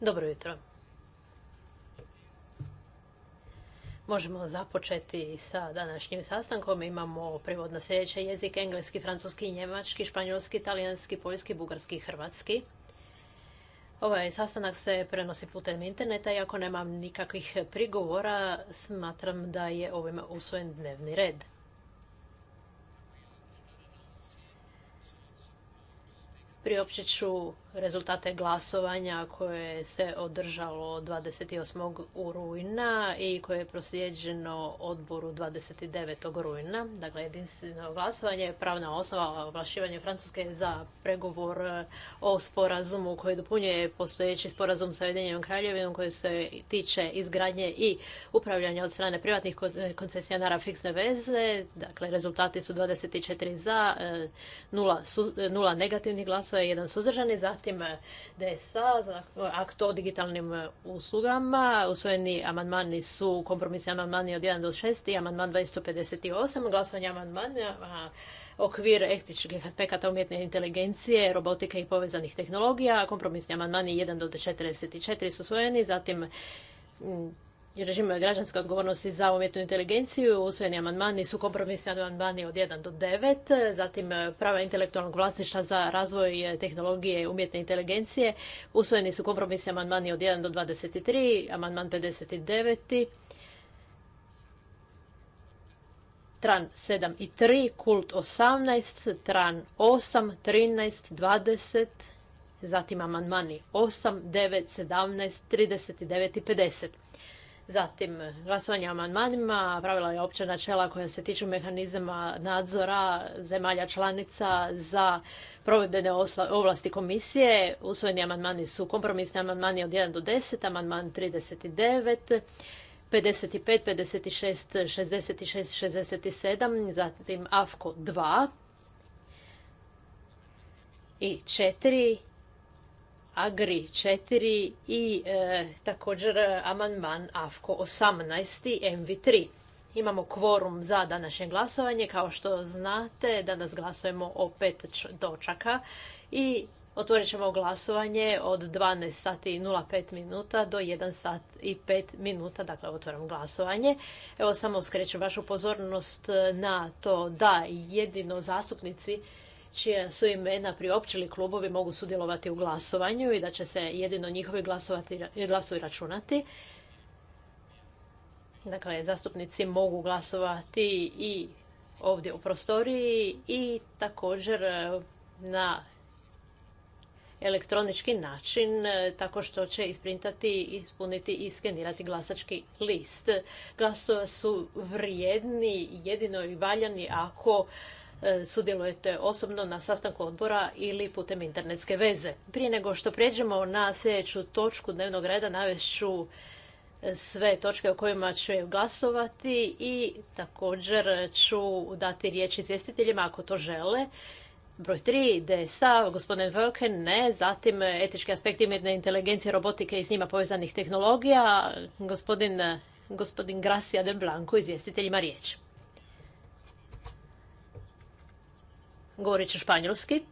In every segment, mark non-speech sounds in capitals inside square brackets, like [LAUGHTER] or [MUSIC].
Dobro jutro. Možemo započeti sa današnjim sastankom. Imamo prevod na sljedeće jezik, engleski, francuski, njemački, španjolski, italijanski, poljski, bugarski i hrvatski. Ovaj sastanak se prenosi putem interneta i ako nemam nikakvih prigovora, smatram da je ovim usvojen dnevni red. priopćit ću rezultate glasovanja koje se održalo 28. rujna i koje je proslijeđeno odboru 29. rujna. Dakle, jedinstveno glasovanje je pravna osnova oblašivanja Francuske za pregovor o sporazumu koji dopunjuje postojeći sporazum sa Ujedinjenom kraljevinom koji se tiče izgradnje i upravljanja od strane privatnih koncesionara fiksne veze. Dakle, rezultati su 24 za, 0, e, e, negativnih glasova i jedan suzdržani. za zatim e, DSA, e, akt o digitalnim e, uslugama. Usvojeni amandmani su kompromisni amandmani od 1 do 6 i amandman 258. Glasovanje amandmana okvir etičkih aspekata umjetne inteligencije, robotike i povezanih tehnologija. Kompromisni amandmani 1 do 44 su usvojeni, zatim režima građanske odgovornosti za umjetnu inteligenciju. Usvojeni amandmani su kompromisni amandmani od 1 do 9, zatim prava intelektualnog vlasništva za razvoj tehnologije umjetne inteligencije. Usvojeni su kompromisni amandmani od 1 do 23, amandman 59, Tran 7 i 3, Kult 18, Tran 8, 13, 20, zatim amandmani 8, 9, 17, 39 i 50. Zatim, glasovanje o amandmanima, pravila i opća načela koja se tiču mehanizama nadzora zemalja članica za provedbene ovlasti komisije. Usvojeni amandmani su kompromisni amandmani od 1 do 10, amandman 39, 55, 56, 66, 67, zatim AFKO 2 i 4 Agri 4 i e, također e, amandman AFKO 18 i MV3. Imamo kvorum za današnje glasovanje. Kao što znate, danas glasujemo o pet dočaka i otvorit ćemo glasovanje od 12 sati 05 minuta do 1 sat i 5 minuta. Dakle, otvaram glasovanje. Evo, samo skrećem vašu pozornost e, na to da jedino zastupnici čije su imena priopćili klubovi mogu sudjelovati u glasovanju i da će se jedino njihovi glasovi računati. Dakle, zastupnici mogu glasovati i ovdje u prostoriji i također e, na elektronički način e, tako što će isprintati, ispuniti i skenirati glasački list. Glasova su vrijedni, jedino i valjani ako E, sudjelujete osobno na sastanku odbora ili putem internetske veze. Prije nego što pređemo na sljedeću točku dnevnog reda navješću e, sve točke o kojima ću glasovati i također ću dati riječ izvjestiteljima ako to žele. Broj 3, DSA, gospodin Völken, ne. Zatim etički aspekti umjetne inteligencije, robotike i s njima povezanih tehnologija, gospodin, gospodin Gracia de Blanco, izvjestiteljima riječ. Govorit ću španjolski.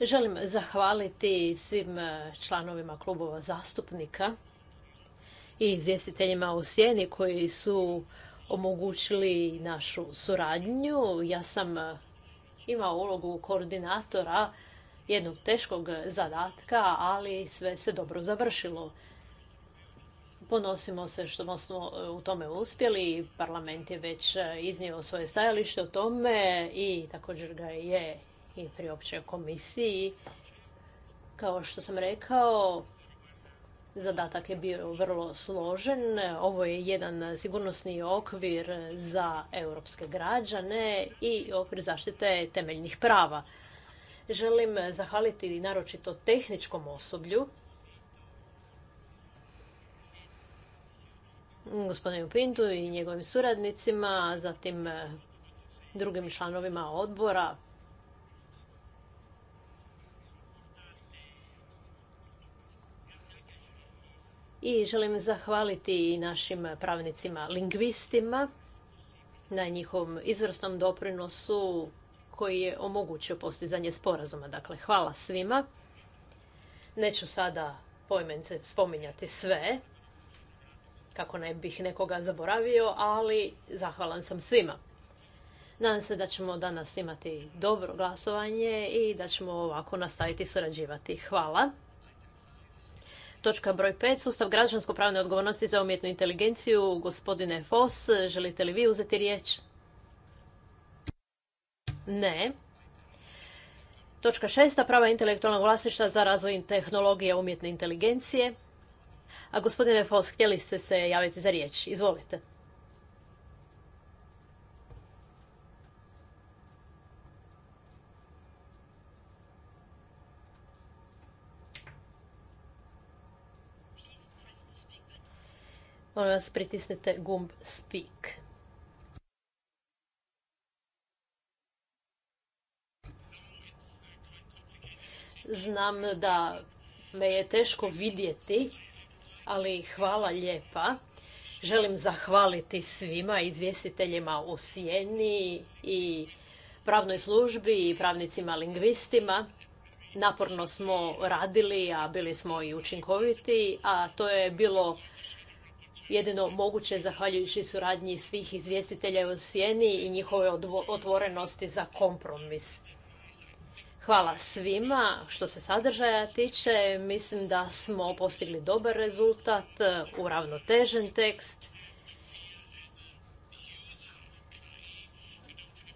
Želim zahvaliti svim e, članovima klubova zastupnika i izvjestiteljima u Sjeni koji su omogućili našu suradnju. Ja sam e, imao ulogu koordinatora jednog teškog zadatka, ali sve se dobro završilo. Ponosimo se što smo e, u tome uspjeli. Parlament je već e, iznio svoje stajalište o tome i također ga je i priopćio komisiji. Kao što sam rekao, zadatak je bio vrlo složen. Ovo je jedan sigurnosni okvir za europske građane i okvir zaštite temeljnih prava. Želim zahvaliti naročito tehničkom osoblju Mm, gospodinu Pintu i njegovim suradnicima, zatim e, drugim članovima odbora. I želim zahvaliti i našim pravnicima lingvistima na njihovom izvrsnom doprinosu koji je omogućio postizanje sporazuma. Dakle, hvala svima. Neću sada pojmenice spominjati sve, kako ne bih nekoga zaboravio, ali zahvalan sam svima. Nadam se da ćemo danas imati dobro glasovanje i da ćemo ovako nastaviti surađivati. Hvala. Točka broj 5. Sustav građansko-pravne odgovornosti za umjetnu inteligenciju. Gospodine Fos, želite li vi uzeti riječ? Ne. Točka šesta. Prava intelektualnog vlasništva za razvoj tehnologije umjetne inteligencije. A gospodine Fos, htjeli ste se javiti za riječ. Izvolite. Molim vas, pritisnite gumb Speak. Znam da me je teško vidjeti, ali hvala lijepa. Želim zahvaliti svima izvjestiteljima u Sijeni i pravnoj službi i pravnicima lingvistima. Naporno smo radili, a bili smo i učinkoviti, a to je bilo jedino moguće zahvaljujući suradnji svih izvjestitelja u Sjeni i njihove otvorenosti za kompromis. Hvala svima. Što se sadržaja tiče, mislim da smo postigli dobar rezultat, e, u ravnotežen tekst.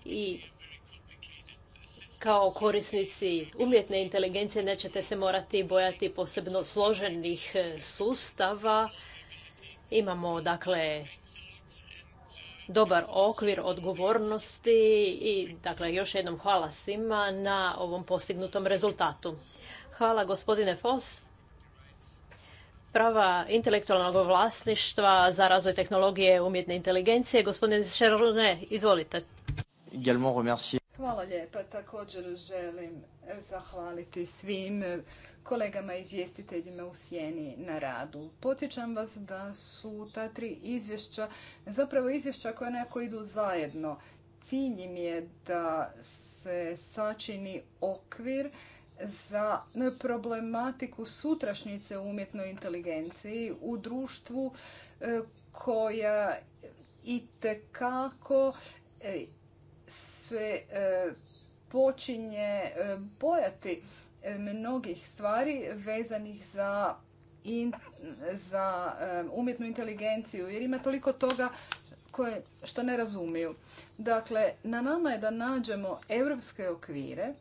I kao korisnici umjetne inteligencije nećete se morati bojati posebno složenih e, sustava. Imamo dakle dobar okvir odgovornosti i dakle još jednom hvala svima na ovom postignutom rezultatu. Hvala gospodine Fos. Prava intelektualnog vlasništva za razvoj tehnologije umjetne inteligencije. Gospodine Šerone, izvolite. Hvala lijepa. Također želim e, zahvaliti svim e, kolegama i izvjestiteljima u Sjeni na radu. Potičam vas da su ta tri izvješća, zapravo izvješća koja nekako idu zajedno. Cilj im je da se sačini okvir za e, problematiku sutrašnjice u umjetnoj inteligenciji u društvu koja i tekako se e, počinje e, bojati e, mnogih stvari vezanih za za umjetnu inteligenciju jer ima toliko toga koje, što ne razumiju. Dakle, na nama je da nađemo europske okvire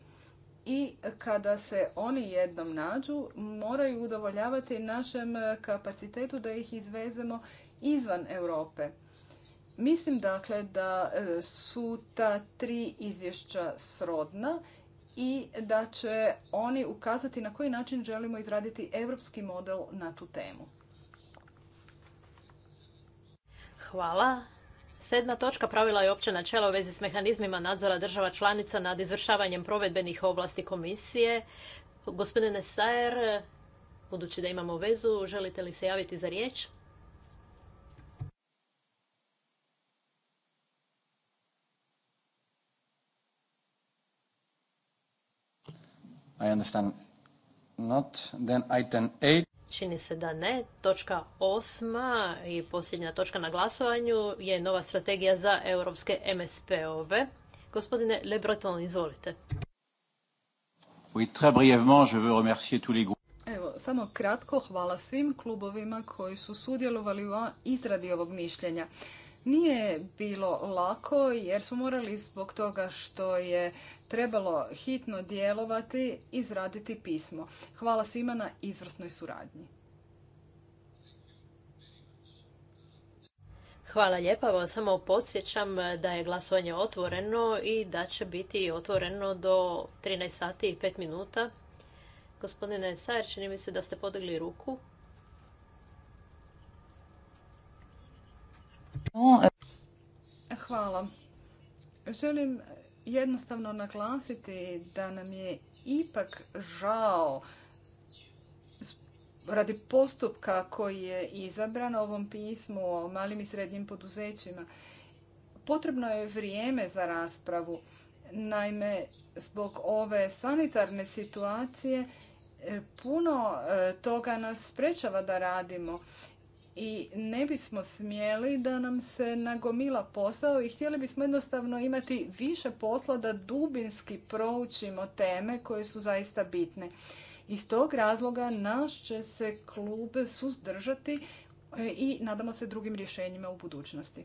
i kada se oni jednom nađu moraju udovoljavati našem kapacitetu da ih izvezemo izvan Europe. Mislim dakle da e, su ta tri izvješća srodna i da će oni ukazati na koji način želimo izraditi europski model na tu temu. Hvala. Sedma točka pravila je opće načela u vezi s mehanizmima nadzora država članica nad izvršavanjem provedbenih ovlasti komisije. Gospodine Sajer, budući da imamo vezu, želite li se javiti za riječ? I understand not. Then item 8. Čini se da ne. Točka osma i posljednja točka na glasovanju je nova strategija za europske MSP-ove. Gospodine Le Breton, izvolite. Oui, très brièvement, je veux remercier tous les groupes. Evo, samo kratko hvala svim klubovima koji su sudjelovali u izradi ovog mišljenja. Nije bilo lako jer smo morali zbog toga što je trebalo hitno djelovati izraditi pismo. Hvala svima na izvrsnoj suradnji. Hvala lijepa. Samo podsjećam da je glasovanje otvoreno i da će biti otvoreno do 13 sati i 5 minuta. Gospodine Sajer, čini mi se da ste podigli ruku. Hvala. Želim jednostavno naglasiti da nam je ipak žao radi postupka koji je izabran ovom pismu o malim i srednjim poduzećima. Potrebno je vrijeme za raspravu. Naime, zbog ove sanitarne situacije e, puno e, toga nas sprečava da radimo i ne bismo smjeli da nam se nagomila posao i htjeli bismo jednostavno imati više posla da dubinski proučimo teme koje su zaista bitne. Iz tog razloga naš će se klub suzdržati e, i nadamo se drugim rješenjima u budućnosti.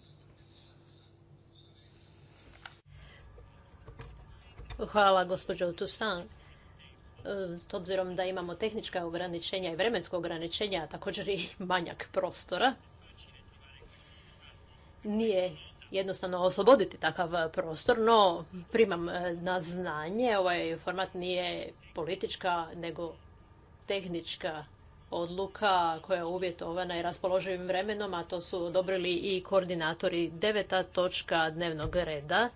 Hvala gospođo Tussan. E, s obzirom da imamo tehnička ograničenja i vremensko ograničenja, a također i [LAUGHS] manjak prostora, nije jednostavno osloboditi takav prostor, no primam e, na znanje, ovaj format nije politička nego tehnička odluka koja je uvjetovana i raspoloživim vremenom, a to su odobrili i koordinatori deveta točka dnevnog reda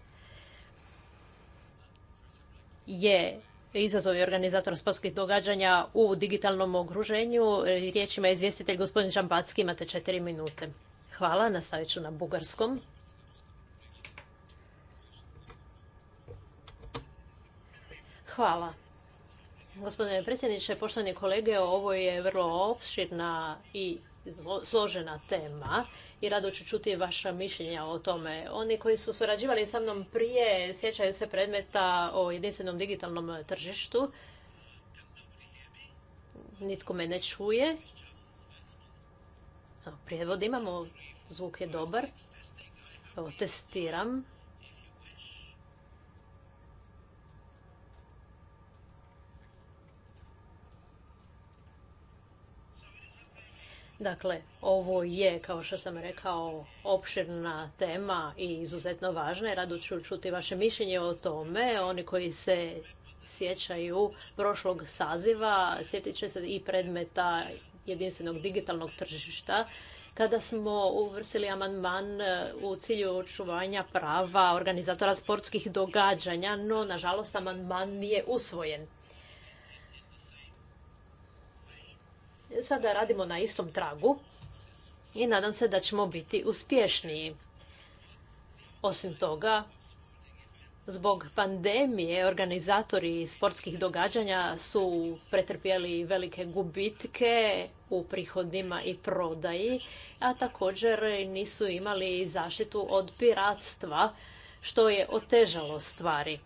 je izazovi organizatora sportskih događanja u digitalnom okruženju. Riječima je izvjestitelj gospodin Žambacki, imate četiri minute. Hvala, nastavit ću na bugarskom. Hvala. Gospodine predsjedniče, poštovani kolege, ovo je vrlo opširna i složena tema i rado ću čuti vaša mišljenja o tome. Oni koji su surađivali sa mnom prije sjećaju se predmeta o jedinstvenom digitalnom tržištu. Nitko me ne čuje. Prijevod imamo, zvuk je dobar. Evo, testiram. Dakle, ovo je, kao što sam rekao, opširna tema i izuzetno važna. Rado ću čuti vaše mišljenje o tome. Oni koji se sjećaju prošlog saziva, sjetit će se i predmeta jedinstvenog digitalnog tržišta, kada smo uvrsili amandman e, u cilju očuvanja prava organizatora sportskih događanja, no nažalost amandman nije usvojen. Sada radimo na istom tragu i nadam se da ćemo biti uspješniji. Osim toga, zbog pandemije organizatori sportskih događanja su pretrpjeli velike gubitke u prihodima i prodaji, a također nisu imali zaštitu od piratstva, što je otežalo stvari.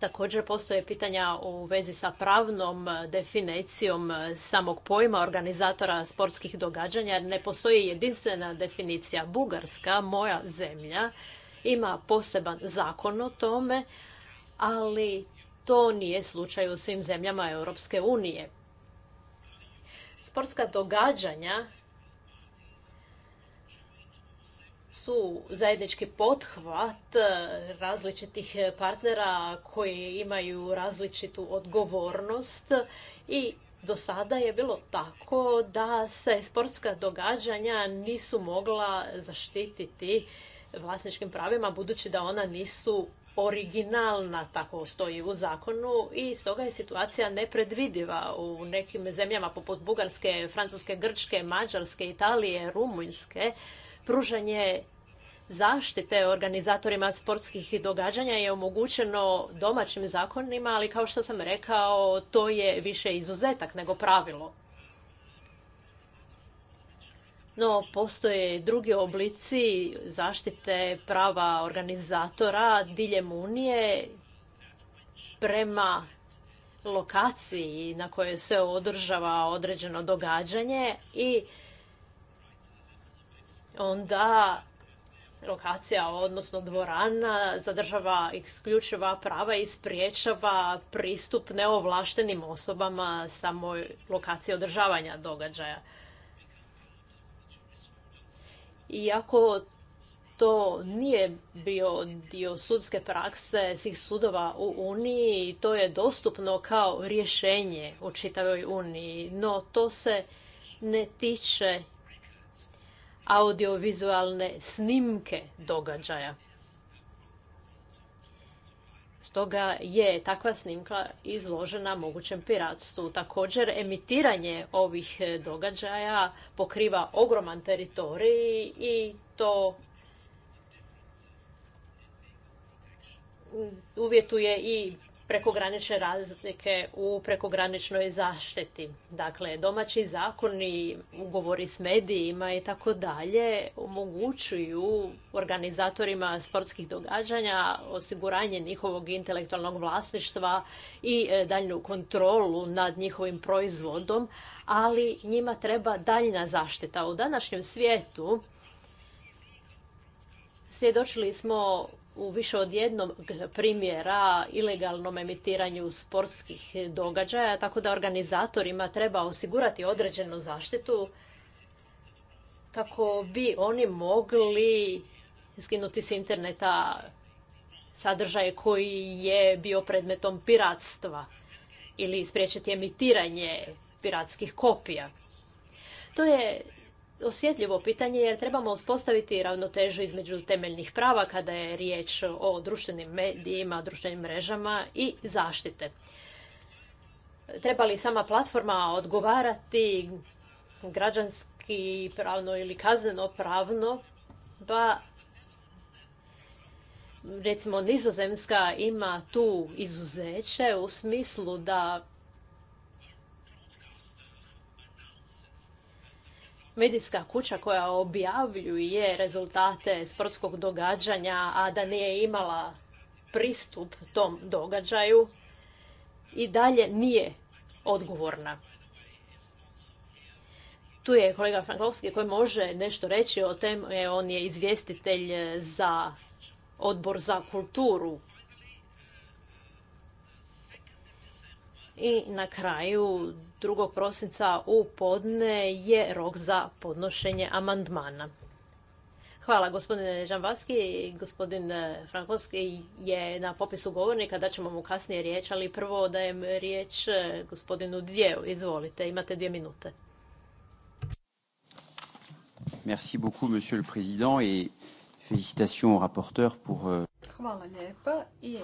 Također postoje pitanja u vezi sa pravnom definicijom samog pojma organizatora sportskih događanja ne postoji jedinstvena definicija. Bugarska, moja zemlja, ima poseban zakon o tome, ali to nije slučaj u svim zemljama Europske unije. Sportska događanja su zajednički pothvat e, različitih partnera koji imaju različitu odgovornost i do sada je bilo tako da se sportska događanja nisu mogla zaštititi vlasničkim pravima budući da ona nisu originalna, tako stoji u zakonu i stoga je situacija nepredvidiva u nekim zemljama poput Bugarske, Francuske, Grčke, Mađarske, Italije, Rumunjske. Pružanje zaštite organizatorima sportskih događanja je omogućeno domaćim zakonima, ali kao što sam rekao, to je više izuzetak nego pravilo. No, postoje drugi oblici zaštite prava organizatora diljem Unije prema lokaciji na kojoj se održava određeno događanje i onda lokacija, odnosno dvorana, zadržava isključiva prava i spriječava pristup neovlaštenim osobama samoj lokaciji održavanja događaja. Iako to nije bio dio sudske prakse svih sudova u Uniji, to je dostupno kao rješenje u čitavoj Uniji, no to se ne tiče audiovizualne snimke događaja. Stoga je takva snimka izložena mogućem piratstvu. Također, emitiranje ovih e, događaja pokriva ogroman teritorij i to uvjetuje i prekogranične razlike u prekograničnoj zaštiti. Dakle, domaći zakoni, ugovori s medijima i tako dalje omogućuju organizatorima sportskih događanja osiguranje njihovog intelektualnog vlasništva i e, daljnu kontrolu nad njihovim proizvodom, ali njima treba daljna zaštita. U današnjem svijetu svjedočili smo u više od jednog primjera ilegalnom emitiranju sportskih događaja, tako da organizatorima treba osigurati određenu zaštitu kako bi oni mogli skinuti s interneta sadržaje koji je bio predmetom piratstva ili spriječiti emitiranje piratskih kopija. To je osjetljivo pitanje jer trebamo uspostaviti ravnotežu između temeljnih prava kada je riječ o društvenim medijima, društvenim mrežama i zaštite. Treba li sama platforma odgovarati građanski pravno ili kazneno pravno? Pa recimo nizozemska ima tu izuzeće u smislu da medijska kuća koja objavljuje rezultate sportskog događanja, a da nije imala pristup tom događaju, i dalje nije odgovorna. Tu je kolega Frankovski koji može nešto reći o tem. E, on je izvjestitelj za odbor za kulturu I na kraju 2. prosinca u podne je rok za podnošenje amandmana. Hvala gospodine Žambaski i gospodin eh, Frankovski je na popisu govornika, da ćemo mu kasnije riječ, ali prvo dajem riječ eh, gospodinu Dvijeu. Izvolite, imate dvije minute. Merci beaucoup, monsieur le président, et félicitations au rapporteur pour... Euh, Hvala lijepa i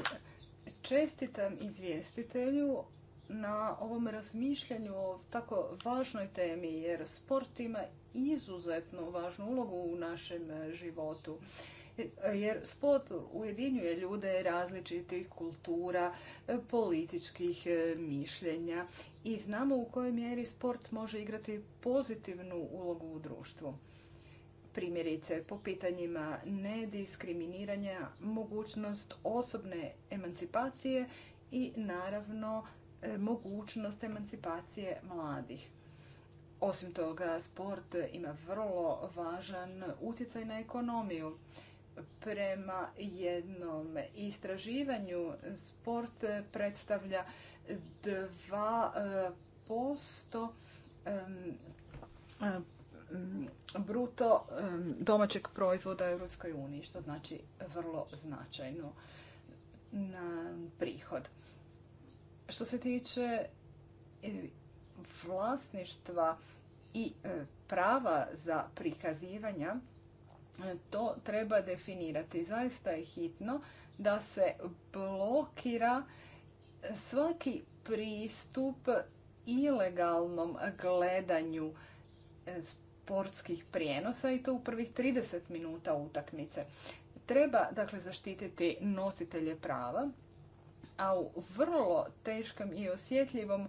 čestitam izvjestitelju na ovom razmišljanju o tako važnoj temi jer sport ima izuzetno važnu ulogu u našem e, životu. E, jer sport ujedinjuje ljude različitih kultura, e, političkih mišljenja i znamo u kojoj mjeri sport može igrati pozitivnu ulogu u društvu primjerice po pitanjima nediskriminiranja, mogućnost osobne emancipacije i naravno E, mogućnost emancipacije mladih. Osim toga, sport ima vrlo važan utjecaj na ekonomiju. Prema jednom istraživanju, sport predstavlja 2% e, bruto domaćeg proizvoda Europskoj uniji, što znači vrlo značajno na prihod. Što se tiče e, vlasništva i e, prava za prikazivanja, e, to treba definirati. Zaista je hitno da se blokira svaki pristup ilegalnom gledanju sportskih prijenosa i to u prvih 30 minuta utakmice. Treba dakle zaštititi nositelje prava a u vrlo teškom i osjetljivom e,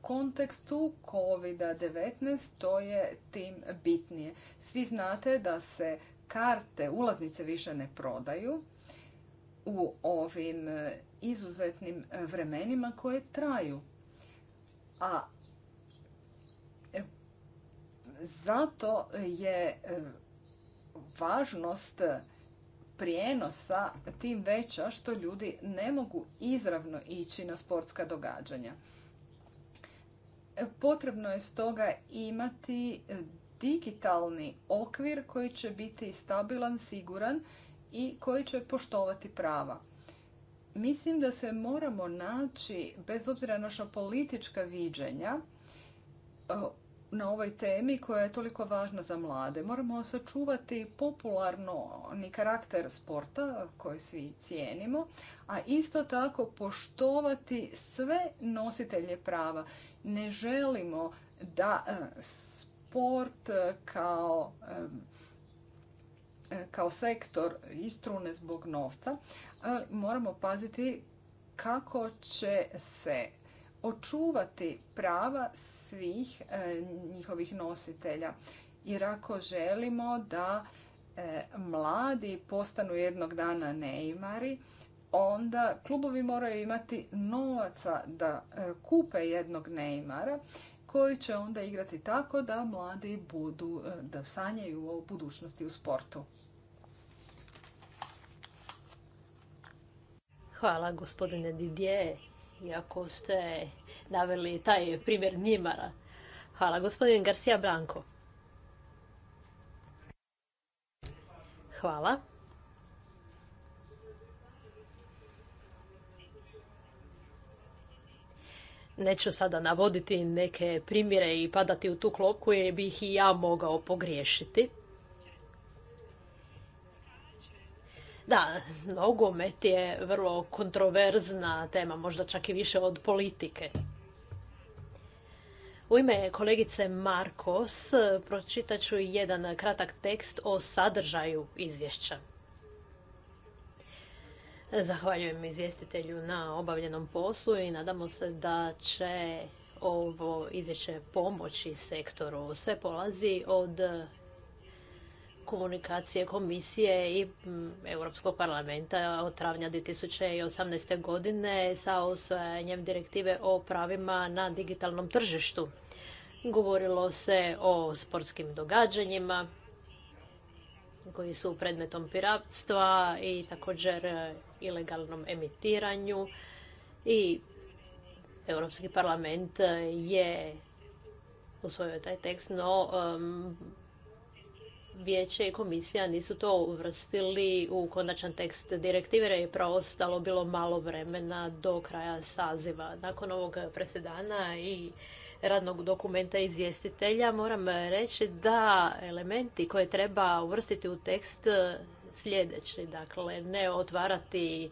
kontekstu COVID-19 to je tim bitnije. Svi znate da se karte, ulaznice više ne prodaju u ovim e, izuzetnim e, vremenima koje traju. A zato je važnost prijenosa tim veća što ljudi ne mogu izravno ići na sportska događanja. Potrebno je stoga imati digitalni okvir koji će biti stabilan, siguran i koji će poštovati prava. Mislim da se moramo naći, bez obzira na naša politička viđenja, na ovoj temi koja je toliko važna za mlade. Moramo sačuvati popularno ni karakter sporta koji svi cijenimo, a isto tako poštovati sve nositelje prava. Ne želimo da e, sport kao e, e, kao sektor istrune zbog novca, moramo paziti kako će se očuvati prava svih e, njihovih nositelja. Jer ako želimo da e, mladi postanu jednog dana neimari, onda klubovi moraju imati novaca da e, kupe jednog neimara koji će onda igrati tako da mladi budu, da sanjaju o budućnosti u sportu. Hvala gospodine Didier iako ste naveli taj primjer Njimara. Hvala. Gospodin Garcia Blanco. Hvala. Neću sada navoditi neke primjere i padati u tu klopku jer bih i ja mogao pogriješiti. Da, nogomet je vrlo kontroverzna tema, možda čak i više od politike. U ime kolegice Markos pročitat ću jedan kratak tekst o sadržaju izvješća. Zahvaljujem izvjestitelju na obavljenom poslu i nadamo se da će ovo izvješće pomoći sektoru. Sve polazi od komunikacije komisije i mm, Europskog parlamenta od travnja 2018. godine sa usvajanjem direktive o pravima na digitalnom tržištu. Govorilo se o sportskim događanjima koji su predmetom piratstva i također e, ilegalnom emitiranju i Europski parlament e, je usvojio taj tekst, no vijeće i komisija nisu to uvrstili u konačan tekst direktive jer je preostalo bilo malo vremena do kraja saziva. Nakon ovog presedana i radnog dokumenta izvjestitelja moram reći da elementi koje treba uvrstiti u tekst sljedeći, dakle ne otvarati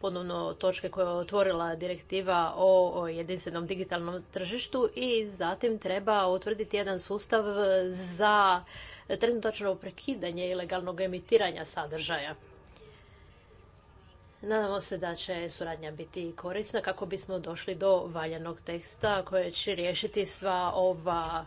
ponovno točke koje je otvorila direktiva o jedinstvenom digitalnom tržištu i zatim treba utvrditi jedan sustav za trenutačno prekidanje ilegalnog emitiranja sadržaja. Nadamo se da će suradnja biti korisna kako bismo došli do valjanog teksta koje će riješiti sva ova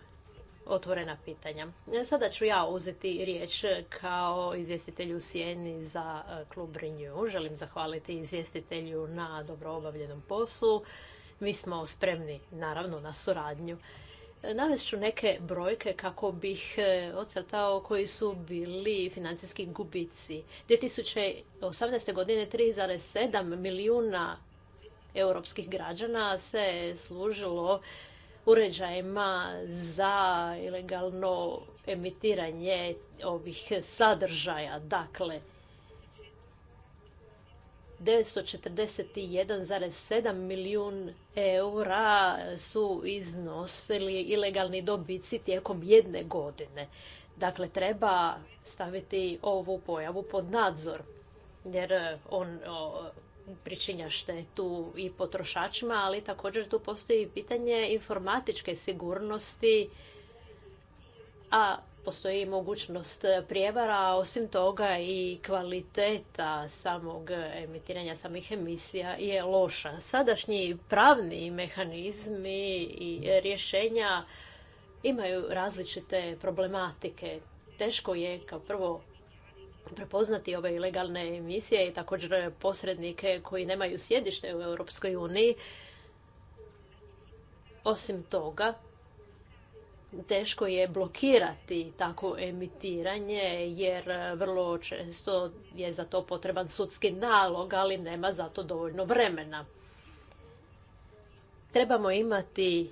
otvorena pitanja. E, sada ću ja uzeti riječ kao izvjestitelju u Sijeni za e, klub Renew. Želim zahvaliti izvjestitelju na dobro obavljenom poslu. Mi smo spremni, naravno, na suradnju. E, navest ću neke brojke kako bih ocrtao koji su bili financijski gubici. 2018. godine 3,7 milijuna europskih građana se služilo uređajima za ilegalno emitiranje ovih sadržaja. Dakle, 941,7 milijun eura su iznosili ilegalni dobici tijekom jedne godine. Dakle, treba staviti ovu pojavu pod nadzor, jer on, pričinja štetu i potrošačima, ali također tu postoji pitanje informatičke sigurnosti, a postoji mogućnost prijevara, osim toga i kvaliteta samog emitiranja samih emisija je loša. Sadašnji pravni mehanizmi i rješenja imaju različite problematike. Teško je kao prvo prepoznati ove ilegalne emisije i također posrednike koji nemaju sjedište u Europskoj uniji. Osim toga, teško je blokirati takvo emitiranje jer vrlo često je za to potreban sudski nalog, ali nema za to dovoljno vremena. Trebamo imati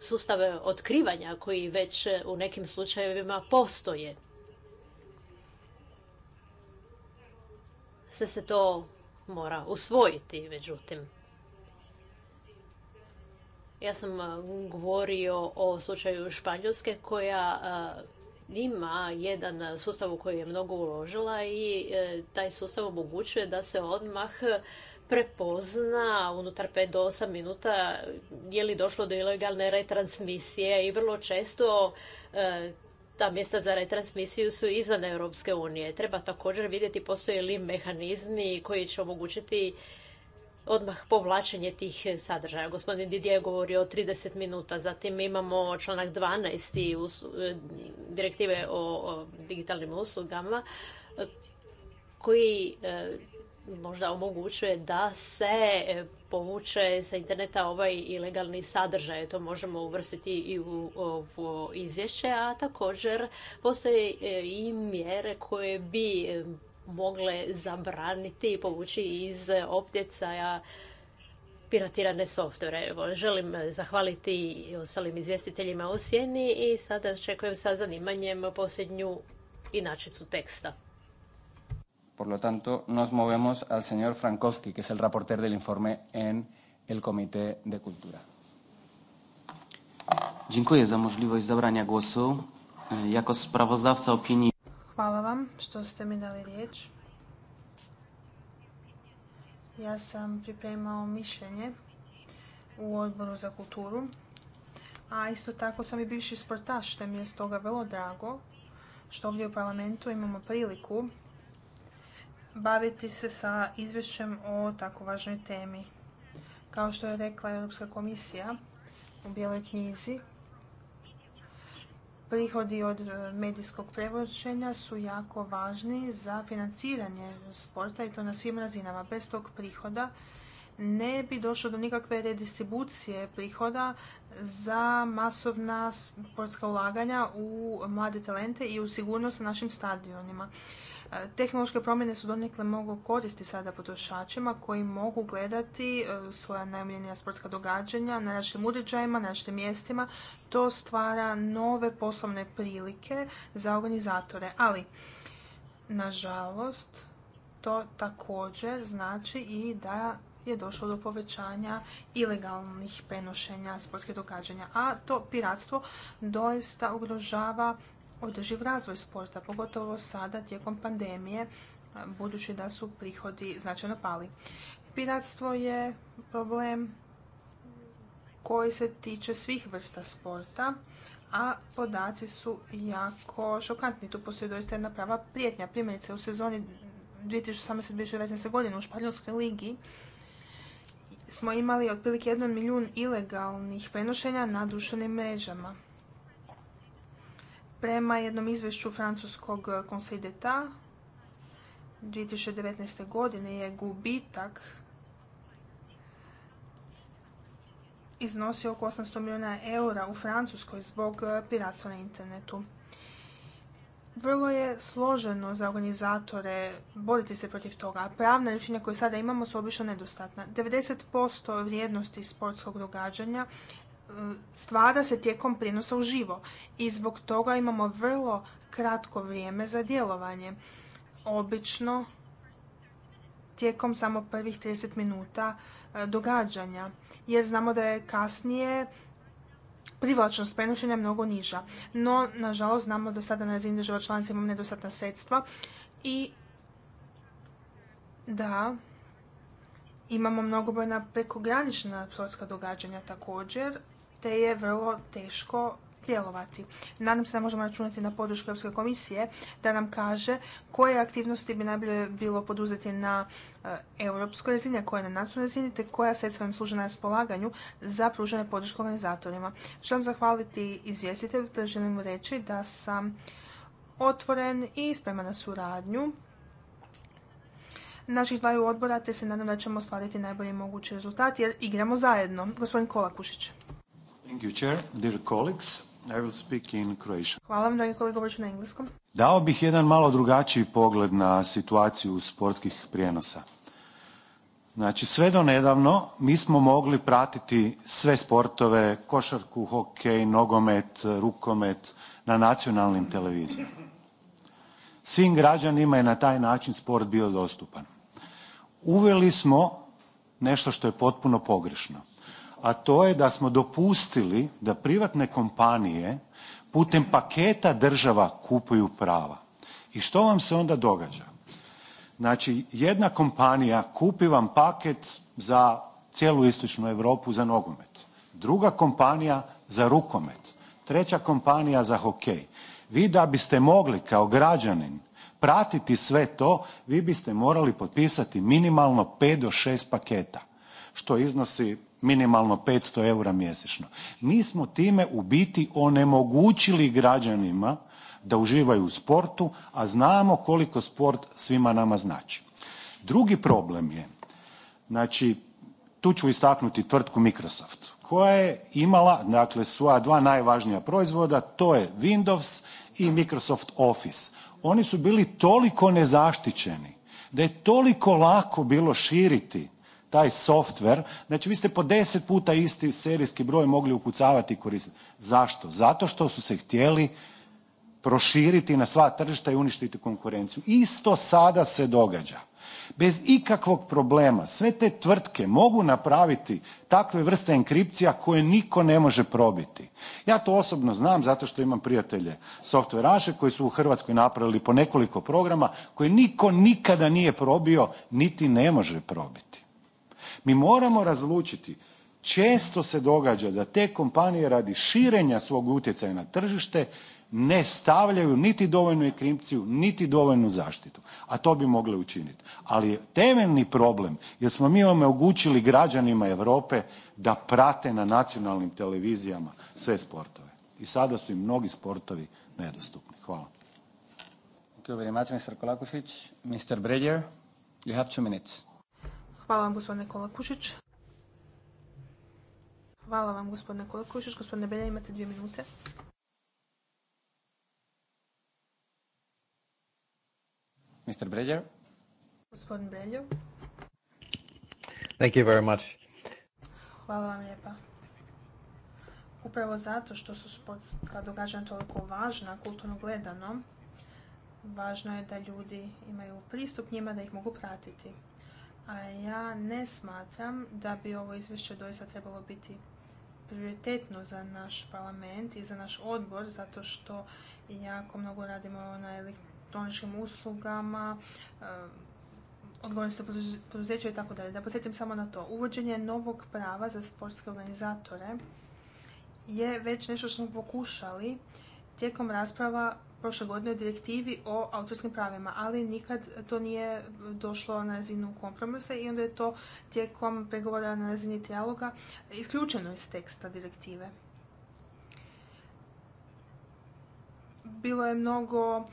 sustave otkrivanja koji već u nekim slučajevima postoje. se se to mora usvojiti, međutim. Ja sam govorio o slučaju Španjolske koja ima jedan sustav u koji je mnogo uložila i e, taj sustav omogućuje da se odmah prepozna unutar 5 do 8 minuta je li došlo do ilegalne retransmisije i vrlo često e, ta mjesta za retransmisiju su izvan Europske unije. Treba također vidjeti postoje li mehanizmi koji će omogućiti odmah povlačenje tih sadržaja. Gospodin Didier govori o 30 minuta, zatim imamo članak 12. direktive o digitalnim uslugama e, koji e, možda omogućuje da se e, povuče sa interneta ovaj ilegalni sadržaj. To možemo uvrstiti i u ovo izvješće, a također postoje e, i mjere koje bi e, mogle zabraniti i povući iz optjecaja piratirane softvere. želim zahvaliti i ostalim izvjestiteljima u Sjeni i sada očekujem sa zanimanjem posljednju inačicu teksta. Por lo tanto, nos movemos al señor Frankowski, que es el reporter del informe en el Comité de Cultura. Dziękuję za możliwość zabrania głosu. E, jako sprawozdawca opinii... Hvala vam što ste mi dali riječ. Ja sam pripremao mišljenje u odboru za kulturu, a isto tako sam i bivši sportaš, što mi je stoga vrlo drago što ovdje u parlamentu imamo priliku baviti se sa izvješćem o tako važnoj temi. Kao što je rekla Europska komisija u Bijeloj knjizi, prihodi od e, medijskog prevođenja su jako važni za financiranje sporta i to na svim razinama. Bez tog prihoda ne bi došlo do nikakve redistribucije prihoda za masovna sportska ulaganja u mlade talente i u sigurnost na našim stadionima. Tehnološke promjene su donekle mogu koristi sada potrošačima koji mogu gledati e, svoja najmiljenija sportska događanja na našim uređajima, na našim mjestima. To stvara nove poslovne prilike za organizatore, ali nažalost to također znači i da je došlo do povećanja ilegalnih prenošenja sportskih događanja, a to piratstvo doista ugrožava održiv razvoj sporta, pogotovo sada tijekom pandemije, budući da su prihodi značajno pali. Piratstvo je problem koji se tiče svih vrsta sporta, a podaci su jako šokantni. Tu postoji doista jedna prava prijetnja. Primjerice, u sezoni 2018-2019. godine u Španjolskoj ligi smo imali otprilike jedan milijun ilegalnih prenošenja na društvenim mrežama. Prema jednom izvješću francuskog eh, Conseil d'Etat 2019. godine je gubitak iznosio oko 800 milijuna eura u Francuskoj zbog eh, piratstva na internetu. Vrlo je složeno za organizatore boriti se protiv toga, a pravna rješenja koje sada imamo su obično nedostatna. 90% vrijednosti sportskog događanja stvara se tijekom prijenosa živo i zbog toga imamo vrlo kratko vrijeme za djelovanje. Obično tijekom samo prvih 30 minuta e, događanja jer znamo da je kasnije privlačnost prenošenja mnogo niža. No, nažalost, znamo da sada na razini država članica imamo nedostatna sredstva i da imamo mnogobrojna prekogranična sportska događanja također, te je vrlo teško djelovati. Nadam se da možemo računati na podršku Europske komisije da nam kaže koje aktivnosti bi najbolje bilo poduzeti na eh, europskoj razini, a koje na nacionalnoj razini, te koja sredstva im služe na raspolaganju za pružanje podrške organizatorima. Želim zahvaliti izvjestitelju, te želim reći da sam otvoren i spreman na suradnju naših dvaju odbora, te se nadam da ćemo ostvariti najbolji mogući rezultat jer igramo zajedno. Gospodin Kolakušić. Hvala na engleskom. Dao bih jedan malo drugačiji pogled na situaciju sportskih prijenosa. Znači, sve do nedavno mi smo mogli pratiti sve sportove, košarku, hokej, nogomet, rukomet, na nacionalnim televizijama. Svim građanima je na taj način sport bio dostupan. Uveli smo nešto što je potpuno pogrešno a to je da smo dopustili da privatne kompanije putem paketa država kupuju prava. I što vam se onda događa? Znači jedna kompanija kupi vam paket za cijelu istočnu Europu za nogomet, druga kompanija za rukomet, treća kompanija za hokej. Vi da biste mogli kao građanin pratiti sve to, vi biste morali potpisati minimalno 5 do 6 paketa, što iznosi minimalno 500 eura mjesečno. Mi smo time u biti onemogućili građanima da uživaju u sportu, a znamo koliko sport svima nama znači. Drugi problem je, znači tu ću istaknuti tvrtku Microsoft koja je imala dakle svoja dva najvažnija proizvoda, to je Windows i Microsoft Office. Oni su bili toliko nezaštićeni da je toliko lako bilo širiti taj softver, znači vi ste po deset puta isti serijski broj mogli ukucavati i koristiti. Zašto? Zato što su se htjeli proširiti na sva tržišta i uništiti konkurenciju. Isto sada se događa. Bez ikakvog problema sve te tvrtke mogu napraviti takve vrste enkripcija koje niko ne može probiti. Ja to osobno znam zato što imam prijatelje softveraše koji su u Hrvatskoj napravili po nekoliko programa koje niko nikada nije probio niti ne može probiti. Mi moramo razlučiti, često se događa da te kompanije radi širenja svog utjecaja na tržište ne stavljaju niti dovoljnu ekripciju, niti dovoljnu zaštitu, a to bi mogle učiniti. Ali je temeljni problem jer smo mi omogućili građanima Europe da prate na nacionalnim televizijama sve sportove i sada su im mnogi sportovi nedostupni. Hvala. Thank you Mr. you have Hvala vam gospodine Kolakušić. Hvala vam gospodine Kolakušić. Gospodine Belja imate dvije minute. Mr. Breljev. Gospodin Breljev. Thank you very much. Hvala vam lijepa. Upravo zato što su sportska događanja toliko važna, kulturno gledano, važno je da ljudi imaju pristup njima, da ih mogu pratiti a ja ne smatram da bi ovo izvješće doista trebalo biti prioritetno za naš parlament i za naš odbor, zato što jako mnogo radimo na elektroničkim uslugama, eh, odgovornosti poduzeća i tako dalje. Da posjetim samo na to. Uvođenje novog prava za sportske organizatore je već nešto što smo pokušali tijekom rasprava prošle godine direktivi o autorskim pravima, ali nikad to nije došlo na razinu kompromisa i onda je to tijekom pregovora na razini trialoga isključeno iz teksta direktive. Bilo je mnogo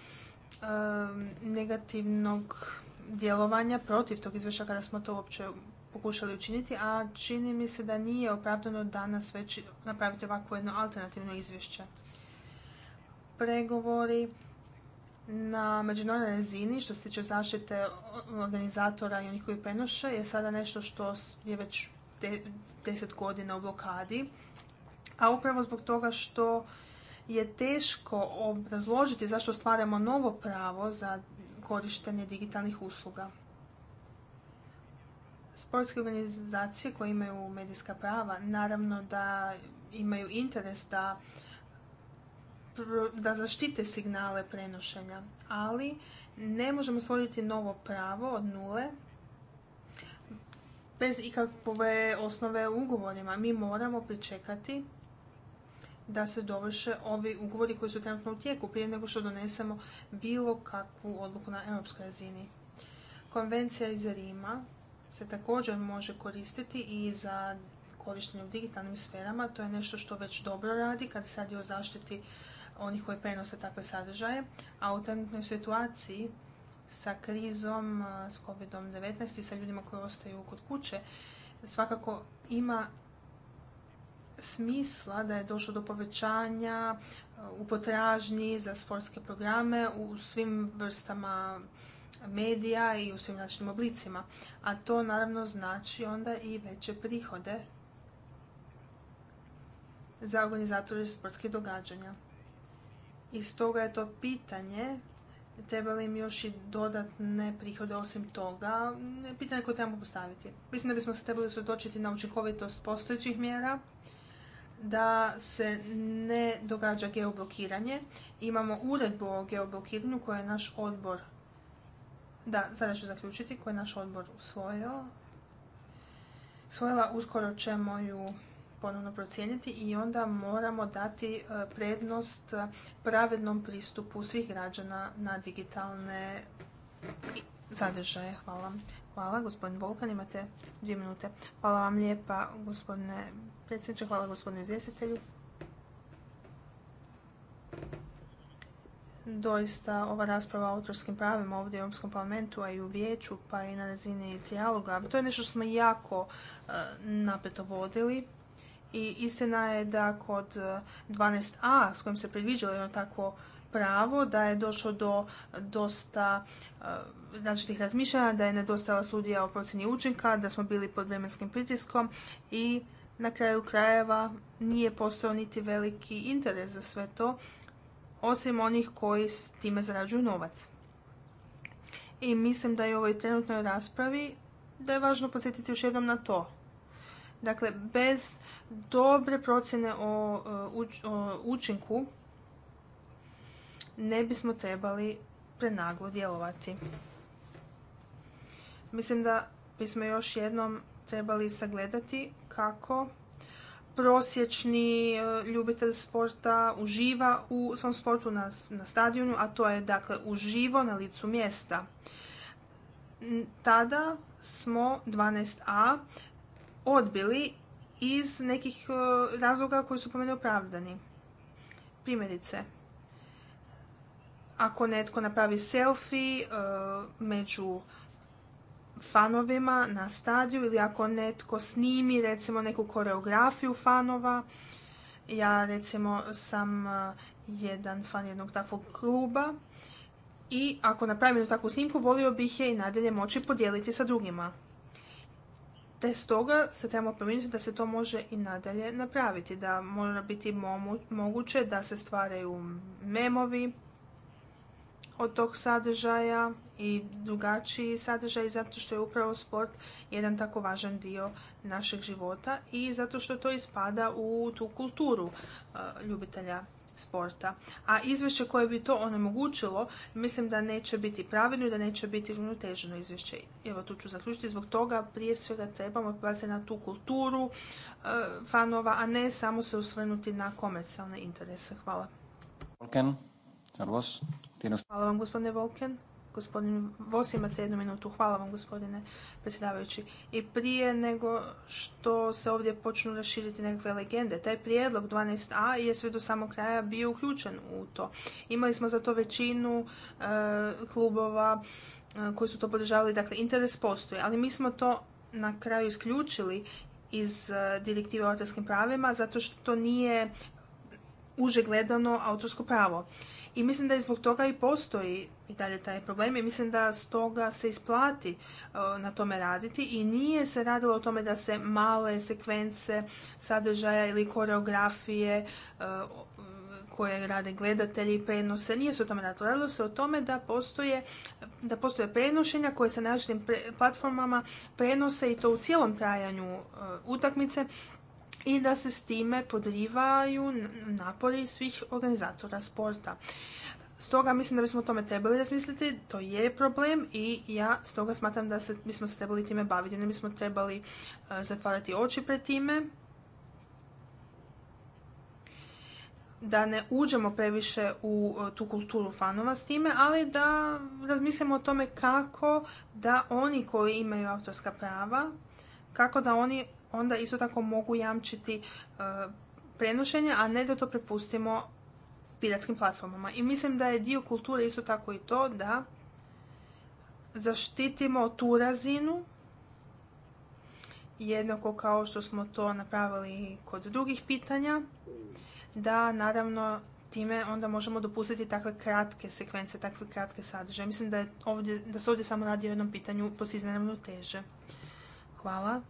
negativnog djelovanja protiv tog izvješća kada smo to uopće pokušali učiniti, a čini mi se da nije opravdano danas već napraviti ovako jedno alternativno izvješće pregovori na međunarodnoj razini što se tiče zaštite organizatora i onih koji prenoše je sada nešto što je već deset godina u blokadi. A upravo zbog toga što je teško obrazložiti zašto stvaramo novo pravo za korištenje digitalnih usluga. Sportske organizacije koje imaju medijska prava naravno da imaju interes da da zaštite signale prenošenja, ali ne možemo stvoriti novo pravo od nule bez ikakve osnove u ugovorima. Mi moramo pričekati da se dovrše ovi ugovori koji su trenutno u tijeku prije nego što donesemo bilo kakvu odluku na europskoj razini. Konvencija iz Rima se također može koristiti i za korištenje u digitalnim sferama. To je nešto što već dobro radi kad se radi o zaštiti onih koji prenose takve sadržaje, a u trenutnoj situaciji sa krizom, s COVID-19 i sa ljudima koji ostaju kod kuće, svakako ima smisla da je došlo do povećanja u potražnji za sportske programe u svim vrstama medija i u svim našim oblicima. A to naravno znači onda i veće prihode za organizatore sportskih događanja. I stoga je to pitanje treba li im još i dodatne prihode osim toga, pitanje koje trebamo postaviti. Mislim da bismo se trebali sredočiti na učinkovitost postojećih mjera, da se ne događa geoblokiranje. Imamo uredbu o geoblokiranju koju je naš odbor, da, sada ću zaključiti, koju je naš odbor usvojio. Svojila uskoro ćemo ju ponovno procijeniti i onda moramo dati e, prednost e, pravednom pristupu svih građana na digitalne sadržaje. Hvala. Hvala. Gospodin Volkan, imate dvije minute. Hvala vam lijepa, gospodine predsjedniče. Hvala gospodinu izvjestitelju. Doista ova rasprava o autorskim pravima ovdje u Europskom parlamentu, a i u vijeću, pa i na razini trijaloga, to je nešto što smo jako e, napeto vodili i istina je da kod 12a e, s kojim se predviđalo jedno takvo pravo, da je došlo do dosta e, različitih razmišljanja, da je nedostala studija o procjeni učinka, da smo bili pod vremenskim pritiskom i na kraju krajeva nije postao niti veliki interes za sve to, osim onih koji s time zarađuju novac. I mislim da je u ovoj trenutnoj raspravi da je važno podsjetiti još jednom na to. Dakle, bez dobre procjene e, o, učinku ne bismo trebali prenaglo djelovati. Mislim da bismo još jednom trebali sagledati kako prosječni e, ljubitelj sporta uživa u svom sportu na, na stadionu, a to je dakle uživo na licu mjesta. Tada smo 12a odbili iz nekih e, razloga koji su po meni opravdani. Primjerice, ako netko napravi selfie e, među fanovima na stadiju ili ako netko snimi recimo neku koreografiju fanova. Ja recimo sam e, jedan fan jednog takvog kluba i ako napravim takvu snimku volio bih je i nadalje moći podijeliti sa drugima. Te stoga se trebamo promijeniti da se to može i nadalje napraviti, da mora biti moguće da se stvaraju memovi od tog sadržaja i drugačiji sadržaj zato što je upravo sport jedan tako važan dio našeg života i zato što to ispada u tu kulturu e, ljubitelja sporta. A izvješće koje bi to onemogućilo, mislim da neće biti pravilno i da neće biti ravnoteženo izvješće. Evo tu ću zaključiti, zbog toga prije svega trebamo paziti na tu kulturu e, fanova, a ne samo se osvrnuti na komercijalne interese. Hvala. Hvala vam gospodine Volken. Gospodin Vos, imate jednu minutu. Hvala vam, gospodine predsjedavajući. I prije nego što se ovdje počnu raširiti nekakve legende, taj prijedlog 12a je sve do samog kraja bio uključen u to. Imali smo za to većinu e, klubova e, koji su to podržavali. Dakle, interes postoji, ali mi smo to na kraju isključili iz e, direktive o autorskim pravima zato što to nije uže gledano autorsko pravo. I mislim da i zbog toga i postoji i dalje taj problem i mislim da stoga se isplati uh, na tome raditi i nije se radilo o tome da se male sekvence sadržaja ili koreografije uh, koje rade gledatelji i prenose. Nije se o tome radilo. Radilo se o tome da postoje, prenošenja koje se na različitim platformama prenose i to u cijelom trajanju uh, utakmice i da se s time podrivaju napori svih organizatora sporta. Stoga mislim da bismo o tome trebali razmisliti, to je problem i ja stoga smatram da se, bismo se trebali time baviti, ne bismo trebali e, zatvarati oči pred time. Da ne uđemo previše u e, tu kulturu fanova s time, ali da razmislimo o tome kako da oni koji imaju autorska prava, kako da oni onda isto tako mogu jamčiti e, prenošenje, a ne da to prepustimo piratskim platformama. I mislim da je dio kulture isto tako i to da zaštitimo tu razinu jednako kao što smo to napravili kod drugih pitanja, da naravno time onda možemo dopustiti takve kratke sekvence, takve kratke sadržaje. Mislim da, da se ovdje samo radi o jednom pitanju postizne teže. Hvala.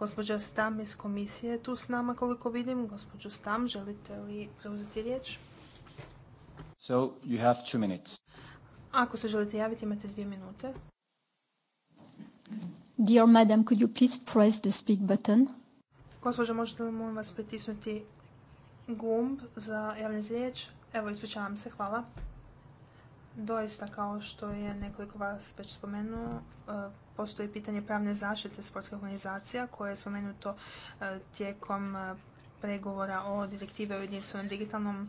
Gospođa Stam iz komisije je tu s nama koliko vidim. Gospođo Stam, želite li preuzeti riječ? Ako se želite javiti, imate dvije minute. Dear madam, could you please press the speak button? Gospođo, možete li molim vas pritisnuti gumb za javljanje riječ? Evo, ispričavam se, hvala. Doista, kao što je nekoliko vas već spomenuo, e, postoji pitanje pravne zaštite sportskih organizacija koje je spomenuto e, tijekom e, pregovora o direktive o jedinstvenom digitalnom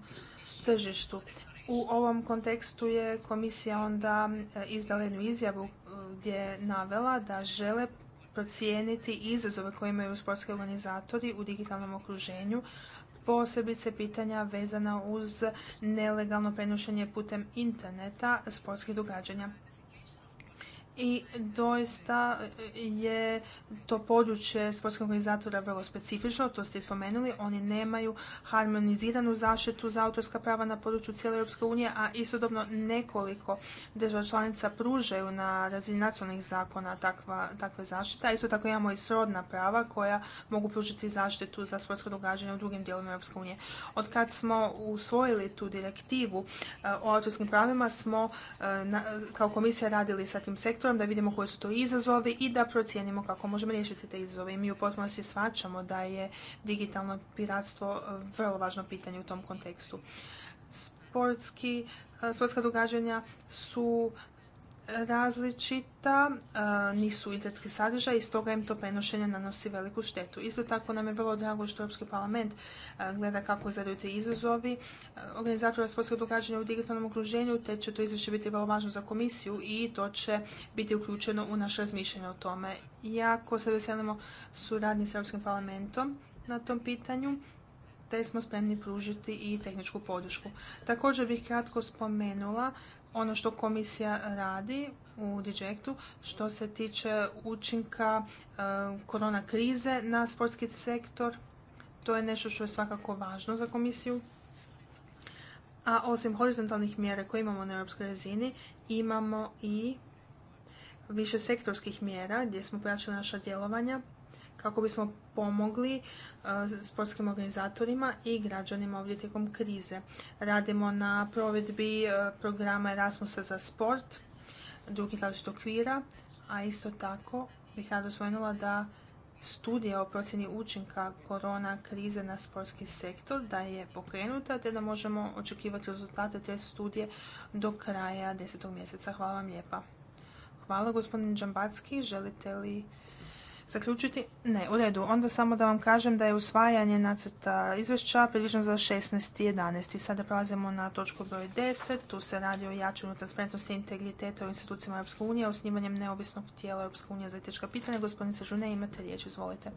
tržištu. U ovom kontekstu je komisija onda izdala jednu izjavu gdje je navela da žele procijeniti izazove koje imaju sportski organizatori u digitalnom okruženju, posebice pitanja vezana uz nelegalno prenošenje putem interneta sportskih događanja i doista e, je to područje sportskog organizatora vrlo specifično, to ste spomenuli, oni nemaju harmoniziranu zaštitu za autorska prava na području cijele Europske unije, a istodobno nekoliko država članica pružaju na razini nacionalnih zakona takve zaštite, a isto tako imamo i srodna prava koja mogu pružiti zaštitu za sportsko događanje u drugim dijelovima Europske unije. Od kad smo usvojili tu direktivu e, o autorskim pravima smo e, kao komisija radili sa tim sektorom sektorom, da vidimo koji su to izazovi i da procijenimo kako možemo riješiti te izazove. I mi u potpunosti shvaćamo da je digitalno piratstvo e, vrlo važno pitanje u tom kontekstu. Sportski, e, sportska događanja su različita, nisu identski sadržaj i stoga im to prenošenje nanosi veliku štetu. Isto tako nam je vrlo drago što Europski parlament gleda kako izgledaju te izazovi organizatora sportskog događanja u digitalnom okruženju, te će to izvješće biti vrlo važno za komisiju i to će biti uključeno u naše razmišljanje o tome. Jako se veselimo suradnji s Europskim parlamentom na tom pitanju te smo spremni pružiti i tehničku podršku. Također bih kratko spomenula ono što komisija radi u Dejectu što se tiče učinka e, korona krize na sportski sektor. To je nešto što je svakako važno za komisiju. A osim horizontalnih mjera koje imamo na europskoj razini, imamo i više sektorskih mjera gdje smo pojačali naša djelovanja kako bismo pomogli e, sportskim organizatorima i građanima ovdje tijekom krize. Radimo na provedbi e, programa Erasmusa za sport, drugih različitih okvira, a isto tako bih rado spomenula da studija o procjeni učinka korona krize na sportski sektor da je pokrenuta te da možemo očekivati rezultate te studije do kraja 10. mjeseca. Hvala vam lijepa. Hvala gospodin Džambacki. Želite li zaključiti? Ne, u redu. Onda samo da vam kažem da je usvajanje nacrta izvješća predviđeno za 16.11. Sada prelazimo na točku broj 10. Tu se radi o jačanju transparentnosti i integriteta u institucijama Europske unije, osnivanjem neovisnog tijela Europske unije za etička pitanja. Gospodin Sažune, imate riječ, izvolite.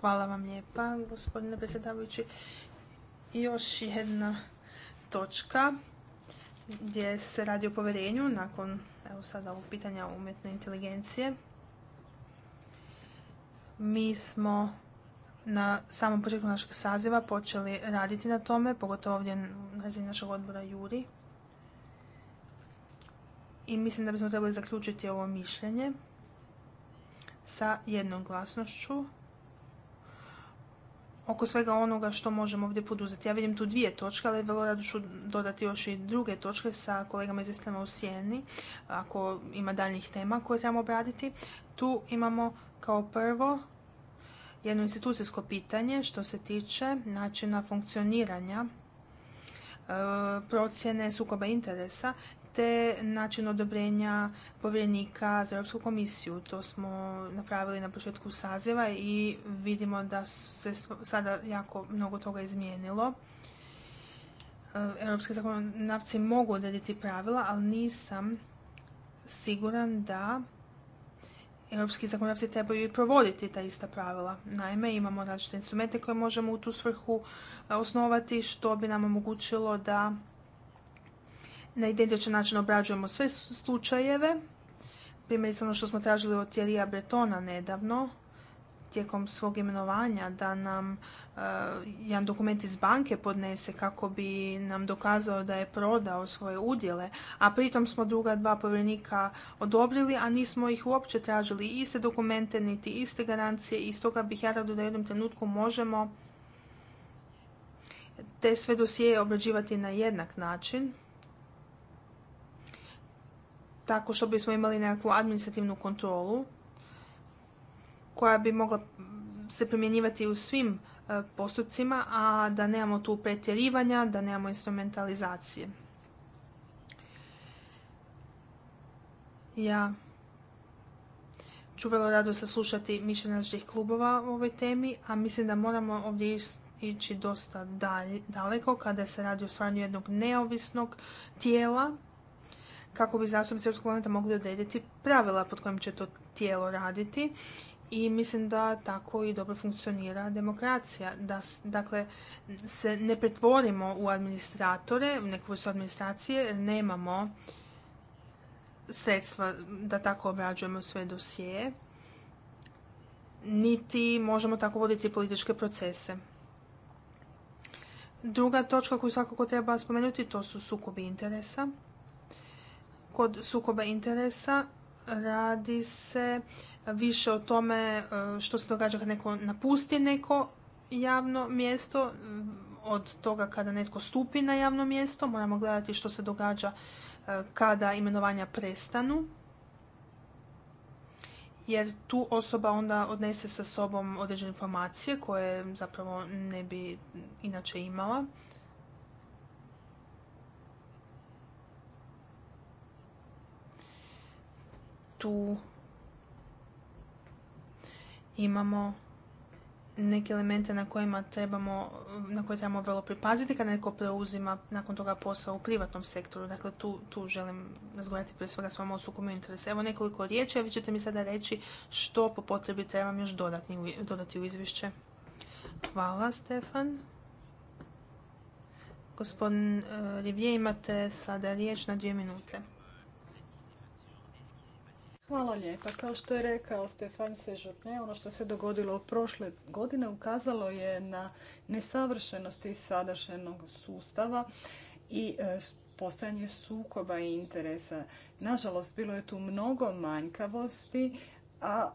Hvala vam lijepa, gospodine predsjedavajući. Još jedna točka gdje se radi o povjerenju nakon evo sada ovog pitanja umjetne inteligencije. Mi smo na samom početku našeg saziva počeli raditi na tome, pogotovo ovdje na razini našeg odbora Juri. I mislim da bismo trebali zaključiti ovo mišljenje sa jednoglasnošću oko svega onoga što možemo ovdje poduzeti. Ja vidim tu dvije točke, ali vrlo rado ću dodati još i druge točke sa kolegama iz Islama u Sijeni, ako ima daljnjih tema koje trebamo obraditi. Tu imamo kao prvo, jedno institucijsko pitanje što se tiče načina funkcioniranja e, procjene sukoba interesa te način odobrenja povjerenika za Europsku komisiju. To smo napravili na početku saziva i vidimo da se sada jako mnogo toga izmijenilo. E, europski zakonodavci mogu odrediti pravila, ali nisam siguran da europski zakonodavci trebaju i provoditi ta ista pravila. Naime, imamo različite instrumente koje možemo u tu svrhu osnovati, što bi nam omogućilo da na identičan način obrađujemo sve slučajeve. Primjerice ono što smo tražili od Thierrya Bretona nedavno, tijekom svog imenovanja da nam e, jedan dokument iz banke podnese kako bi nam dokazao da je prodao svoje udjele, a pritom smo druga dva povjerenika odobrili, a nismo ih uopće tražili iste dokumente, niti iste garancije i stoga bih ja rado da u jednom trenutku možemo te sve dosije obrađivati na jednak način tako što bismo imali nekakvu administrativnu kontrolu koja bi mogla se primjenjivati u svim e, postupcima, a da nemamo tu pretjerivanja, da nemamo instrumentalizacije. Ja ću vrlo rado saslušati mišljenja naših klubova u ovoj temi, a mislim da moramo ovdje ići dosta daleko kada se radi o stvaranju jednog neovisnog tijela kako bi zastupnici Europskog mogli odrediti pravila pod kojim će to tijelo raditi i mislim da tako i dobro funkcionira demokracija. Da, dakle, se ne pretvorimo u administratore, neku vrstu administracije, jer nemamo sredstva da tako obrađujemo sve dosije, niti možemo tako voditi političke procese. Druga točka koju svakako treba spomenuti to su sukobi interesa. Kod sukoba interesa radi se više o tome e, što se događa kad neko napusti neko javno mjesto, mm, od toga kada netko stupi na javno mjesto. Moramo gledati što se događa e, kada imenovanja prestanu. Jer tu osoba onda odnese sa sobom određene informacije koje zapravo ne bi inače imala. Tu imamo neke elemente na, kojima trebamo, na koje trebamo vrlo pripaziti kada neko preuzima nakon toga posao u privatnom sektoru. Dakle, tu, tu želim razgovarati prije svega s vama o sukobu interesa. Evo nekoliko riječi, a vi ćete mi sada reći što po potrebi trebam još dodatni, dodati u izvješće. Hvala, Stefan. Gospodin eh, Rivije, imate sada riječ na dvije minute. Hvala lijepa. Kao što je rekao Stefan Sežurne, ono što se dogodilo prošle godine ukazalo je na nesavršenosti sadašnjeg sustava i e, postojanje sukoba i interesa. Nažalost, bilo je tu mnogo manjkavosti, a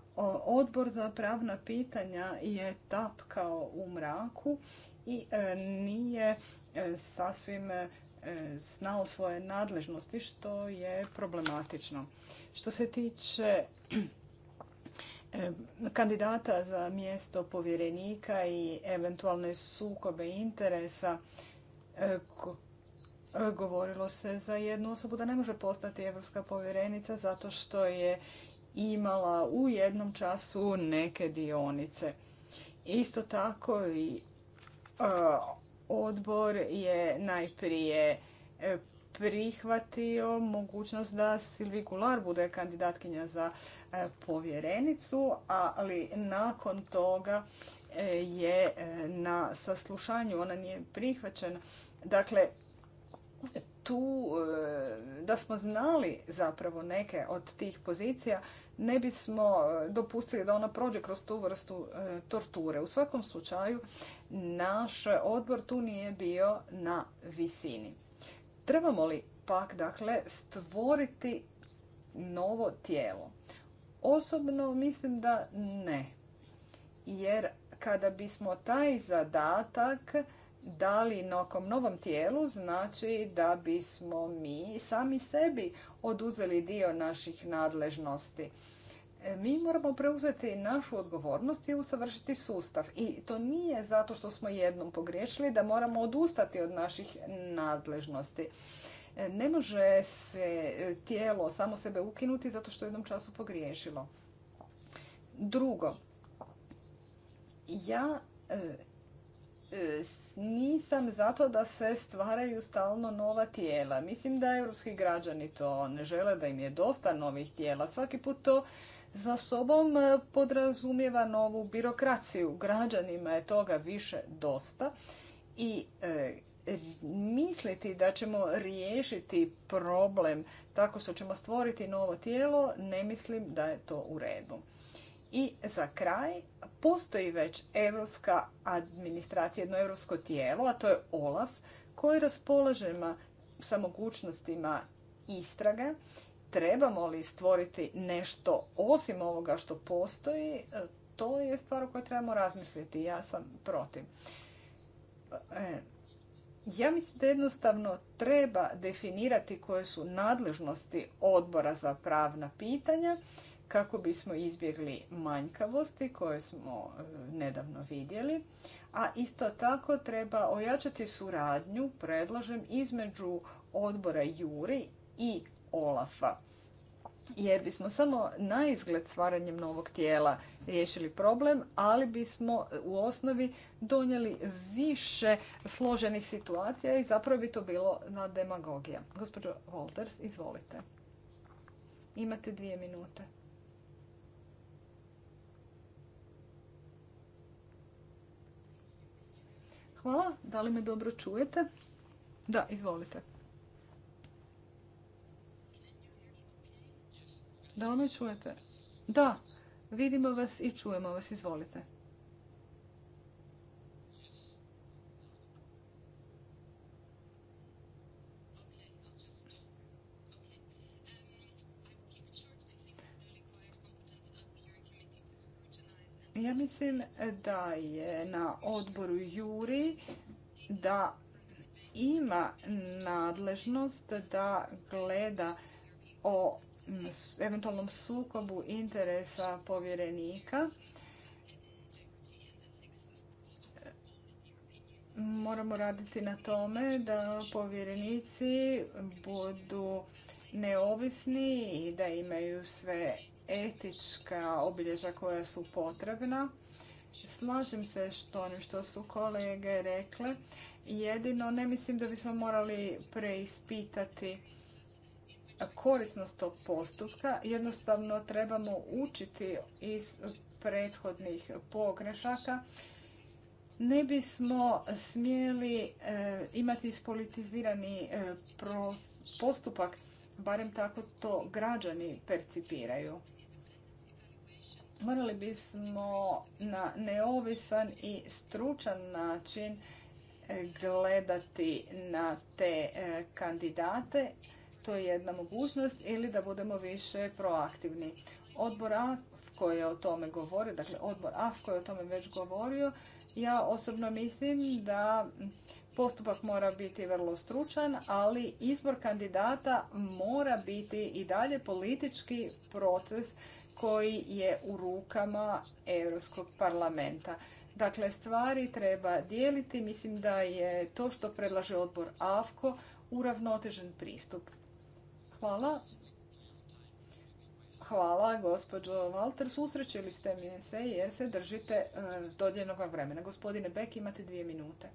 odbor za pravna pitanja je tapkao u mraku i e, nije e, sasvim znao svoje nadležnosti, što je problematično. Što se tiče kandidata za mjesto povjerenika i eventualne sukobe interesa, e, e, govorilo se za jednu osobu da ne može postati evropska povjerenica zato što je imala u jednom času neke dionice. Isto tako i e, Odbor je najprije e, prihvatio mogućnost da Silvi Gular bude kandidatkinja za e, povjerenicu, ali nakon toga e, je na saslušanju ona nije prihvaćena. Dakle, tu, eh, da smo znali zapravo neke od tih pozicija, ne bismo eh, dopustili da ona prođe kroz tu vrstu eh, torture. U svakom slučaju, naš odbor tu nije bio na visini. Trebamo li pak, dakle, stvoriti novo tijelo? Osobno mislim da ne. Jer kada bismo taj zadatak dali nekom novom tijelu znači da bismo mi sami sebi oduzeli dio naših nadležnosti. E, mi moramo preuzeti našu odgovornost i usavršiti sustav. I to nije zato što smo jednom pogriješili da moramo odustati od naših nadležnosti. E, ne može se e, tijelo samo sebe ukinuti zato što je jednom času pogriješilo. Drugo, ja E, nisam zato da se stvaraju stalno nova tijela. Mislim da europski građani to ne žele, da im je dosta novih tijela. Svaki put to za sobom e, podrazumijeva novu birokraciju. Građanima je toga više dosta i e, misliti da ćemo riješiti problem tako što ćemo stvoriti novo tijelo, ne mislim da je to u redu. I za kraj, postoji već evropska administracija, jedno evropsko tijelo, a to je OLAF, koji raspolaže sa mogućnostima istrage. Trebamo li stvoriti nešto osim ovoga što postoji, e, to je stvar o kojoj trebamo razmisliti. Ja sam protiv. E, ja mislim da jednostavno treba definirati koje su nadležnosti odbora za pravna pitanja kako bismo izbjegli manjkavosti koje smo e, nedavno vidjeli. A isto tako treba ojačati suradnju, predlažem, između odbora Juri i Olafa. Jer bismo samo na izgled stvaranjem novog tijela riješili problem, ali bismo e, u osnovi donijeli više složenih situacija i zapravo bi to bilo na demagogija. Gospođo Wolters, izvolite. Imate dvije minute. Hvala. Da li me dobro čujete? Da, izvolite. Da li me čujete? Da, vidimo vas i čujemo vas. Izvolite. Ja mislim da je na odboru Juri da ima nadležnost da gleda o eventualnom sukobu interesa povjerenika. Moramo raditi na tome da povjerenici budu neovisni i da imaju sve etička obilježja koja su potrebna. Slažem se što onim što su kolege rekle. Jedino ne mislim da bismo morali preispitati korisnost tog postupka. Jednostavno trebamo učiti iz prethodnih pogrešaka. Ne bismo smjeli e, imati ispolitizirani e, postupak, barem tako to građani percipiraju morali bismo na neovisan i stručan način e, gledati na te e, kandidate. To je jedna mogućnost ili da budemo više proaktivni. Odbor AFKO je o tome govorio, dakle odbor koji je o tome već govorio. Ja osobno mislim da postupak mora biti vrlo stručan, ali izbor kandidata mora biti i dalje politički proces koji je u rukama Europskog parlamenta. Dakle, stvari treba dijeliti. Mislim da je to što predlaže odbor AFKO uravnotežen pristup. Hvala. Hvala, gospođo Walter. Susrećili ste mi se jer se držite e, dodjenog vremena. Gospodine Beck, imate dvije minute.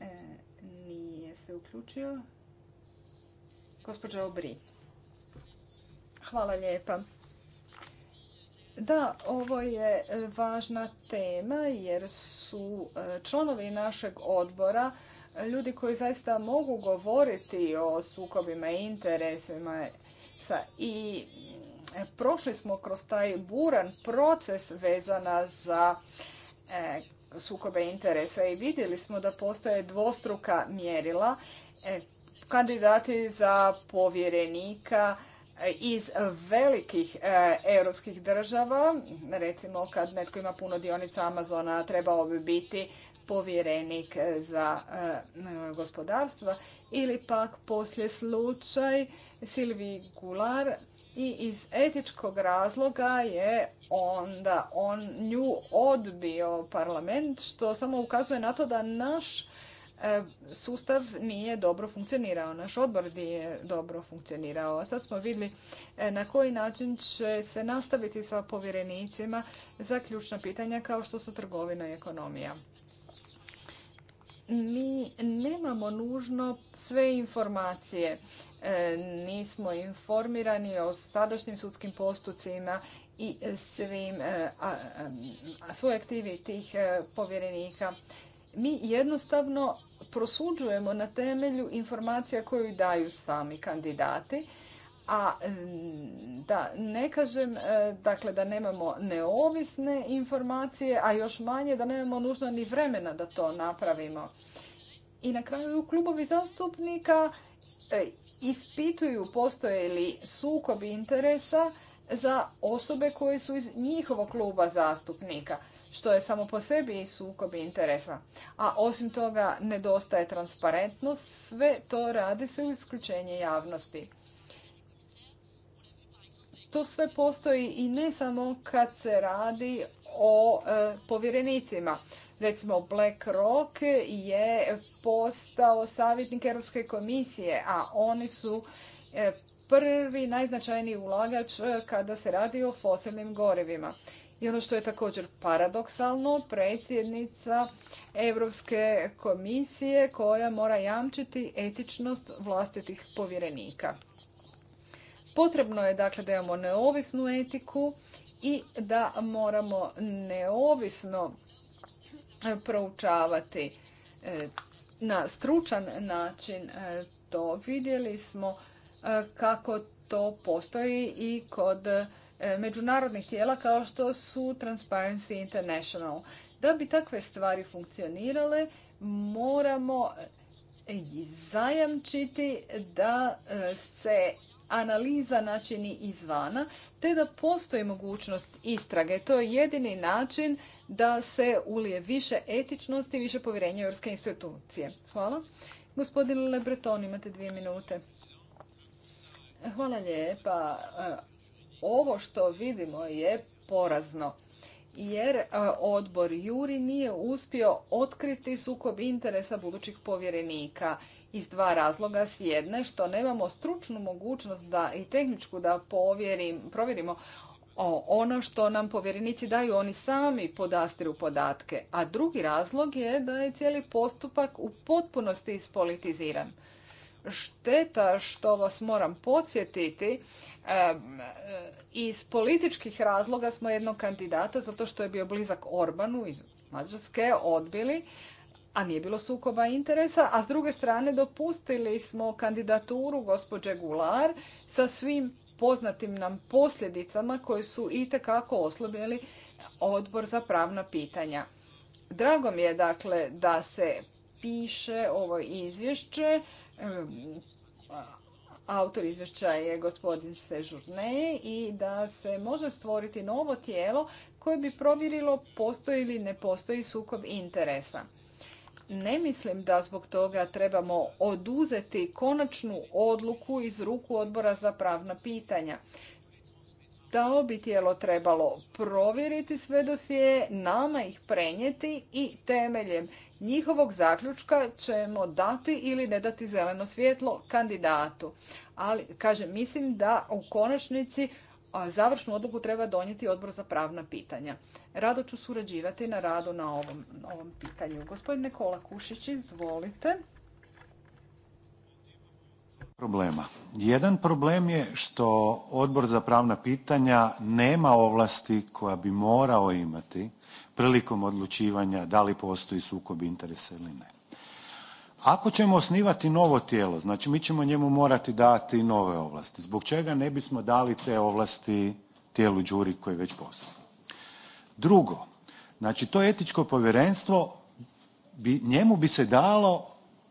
E, nije se uključio. gospođo Obri. Hvala lijepa. Da, ovo je važna tema jer su e, članovi našeg odbora ljudi koji zaista mogu govoriti o sukobima i interesima i e, prošli smo kroz taj buran proces vezana za e, sukobe interesa i vidjeli smo da postoje dvostruka mjerila kandidati za povjerenika iz velikih e, europskih država, recimo kad netko ima puno dionica Amazona, trebao bi biti povjerenik za e, gospodarstvo. gospodarstva ili pak poslije slučaj Silvi Gular i iz etičkog razloga je onda on nju odbio parlament što samo ukazuje na to da naš sustav nije dobro funkcionirao. Naš odbor nije dobro funkcionirao. A sad smo vidjeli na koji način će se nastaviti sa povjerenicima za ključna pitanja kao što su trgovina i ekonomija. Mi nemamo nužno sve informacije. Nismo informirani o sadašnjim sudskim postupcima i svoj aktivi tih povjerenika mi jednostavno prosuđujemo na temelju informacija koju daju sami kandidati, a mm, da ne kažem e, dakle, da nemamo neovisne informacije, a još manje da nemamo nužno ni vremena da to napravimo. I na kraju klubovi zastupnika e, ispituju postoje li sukobi interesa za osobe koje su iz njihovog kluba zastupnika, što je samo po sebi sukob interesa. A osim toga nedostaje transparentnost, sve to radi se u isključenje javnosti. To sve postoji i ne samo kad se radi o e, povjerenicima. Recimo BlackRock je postao savjetnik Europske komisije, a oni su e, prvi najznačajniji ulagač e, kada se radi o fosilnim gorivima. I ono što je također paradoksalno, predsjednica Europske komisije koja mora jamčiti etičnost vlastitih povjerenika. Potrebno je dakle da imamo neovisnu etiku i da moramo neovisno e, proučavati e, na stručan način to vidjeli smo E, kako to postoji i kod e, međunarodnih tijela kao što su Transparency International. Da bi takve stvari funkcionirale, moramo zajamčiti da e, se analiza načini izvana, te da postoji mogućnost istrage. To je jedini način da se ulije više etičnosti i više povjerenja europske institucije. Hvala. Gospodin Lebreton, imate dvije minute. Hvala lijepa. E, ovo što vidimo je porazno jer e, odbor Juri nije uspio otkriti sukob interesa budućih povjerenika iz dva razloga. S jedne što nemamo stručnu mogućnost da i tehničku da provjerimo ono što nam povjerenici daju, oni sami podastiru podatke. A drugi razlog je da je cijeli postupak u potpunosti ispolitiziran šteta što vas moram podsjetiti, iz političkih razloga smo jednog kandidata, zato što je bio blizak Orbanu iz Mađarske, odbili, a nije bilo sukoba interesa, a s druge strane dopustili smo kandidaturu gospođe Gular sa svim poznatim nam posljedicama koje su itekako oslobili odbor za pravna pitanja. Drago mi je dakle da se piše ovo izvješće Ehm, autor izvješća je gospodin Sežurne i da se može stvoriti novo tijelo koje bi provjerilo postoji ili ne postoji sukob interesa. Ne mislim da zbog toga trebamo oduzeti konačnu odluku iz ruku odbora za pravna pitanja. Dao bi tijelo trebalo provjeriti sve dosije, nama ih prenijeti i temeljem njihovog zaključka ćemo dati ili ne dati zeleno svjetlo kandidatu. Ali, kažem, mislim da u konačnici završnu odluku treba donijeti odbor za pravna pitanja. Rado ću surađivati na radu na ovom, ovom pitanju. Gospodine Kola Kušić, izvolite problema. Jedan problem je što Odbor za pravna pitanja nema ovlasti koja bi morao imati prilikom odlučivanja da li postoji sukob interesa ili ne. Ako ćemo osnivati novo tijelo, znači mi ćemo njemu morati dati nove ovlasti. Zbog čega ne bismo dali te ovlasti tijelu đuri koji već postoji? Drugo, znači to etičko povjerenstvo njemu bi se dalo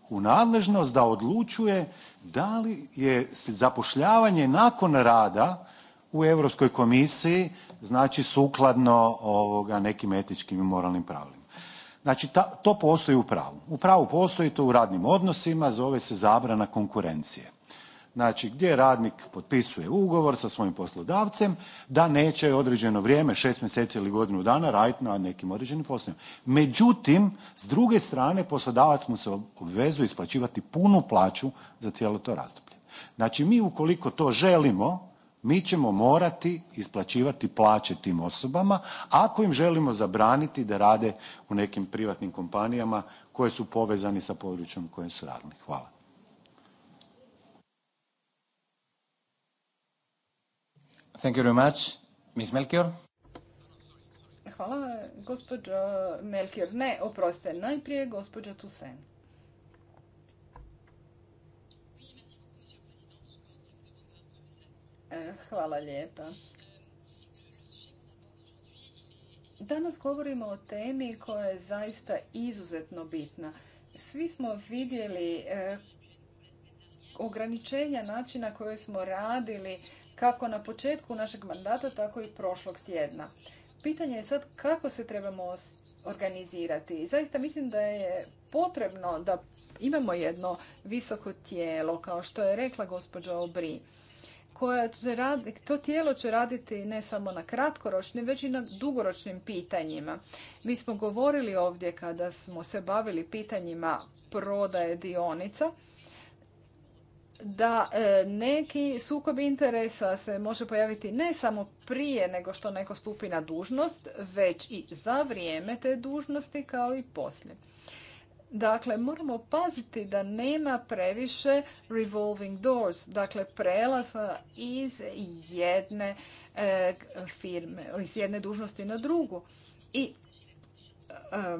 u nadležnost da odlučuje da li je zapošljavanje nakon rada u Europskoj komisiji znači sukladno ovoga nekim etičkim i moralnim pravilima. Znači ta, to postoji u pravu. U pravu postoji to u radnim odnosima, zove se zabrana konkurencije. Znači gdje radnik potpisuje ugovor sa svojim poslodavcem da neće određeno vrijeme, šest mjeseci ili godinu dana raditi na nekim određenim poslovima. Međutim, s druge strane poslodavac mu se obvezuje isplaćivati punu plaću za cijelo to razdoblje. Znači mi ukoliko to želimo, mi ćemo morati isplaćivati plaće tim osobama ako im želimo zabraniti da rade u nekim privatnim kompanijama koje su povezani sa područjem u kojem su radili. Hvala. Thank you very much. Ms. Melchior. Hvala, gospođa Melchior. Ne, oproste, najprije gospođa Tusen. Hvala lijepa. Danas govorimo o temi koja je zaista izuzetno bitna. Svi smo vidjeli e, ograničenja načina koje smo radili kako na početku našeg mandata, tako i prošlog tjedna. Pitanje je sad kako se trebamo organizirati. I zaista mislim da je potrebno da imamo jedno visoko tijelo, kao što je rekla gospođa Obri. Koja će radi, to tijelo će raditi ne samo na kratkoročnim, već i na dugoročnim pitanjima. Mi smo govorili ovdje kada smo se bavili pitanjima prodaje dionica, da e, neki sukob interesa se može pojaviti ne samo prije nego što neko stupi na dužnost, već i za vrijeme te dužnosti kao i poslije. Dakle, moramo paziti da nema previše revolving doors, dakle prelaza iz jedne e, firme, iz jedne dužnosti na drugu. I e,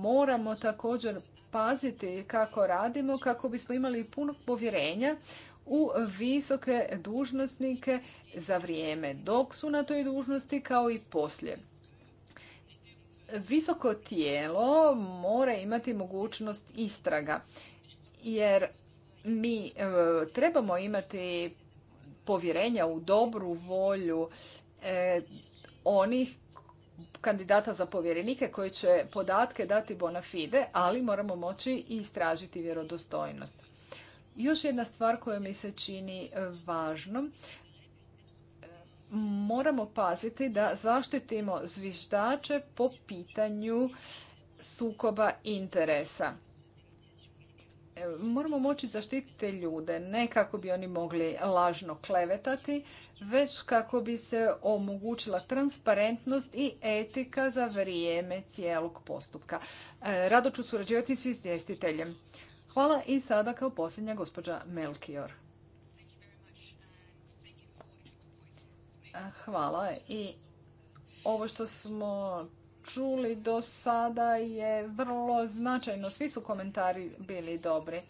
moramo također paziti kako radimo kako bismo imali puno povjerenja u visoke dužnosnike za vrijeme dok su na toj dužnosti kao i poslije. Visoko tijelo mora imati mogućnost istraga jer mi e, trebamo imati povjerenja u dobru volju e, onih kandidata za povjerenike koji će podatke dati bona fide, ali moramo moći i istražiti vjerodostojnost. Još jedna stvar koja mi se čini e, važnom, moramo paziti da zaštitimo zviždače po pitanju sukoba interesa. E, moramo moći zaštititi ljude, ne kako bi oni mogli lažno klevetati, već kako bi se omogućila transparentnost i etika za vrijeme cijelog postupka. E, rado ću surađivati s izvjestiteljem. Hvala i sada kao posljednja gospođa Melkior. E, hvala i ovo što smo čuli do sada je vrlo značajno. Svi su komentari bili dobri.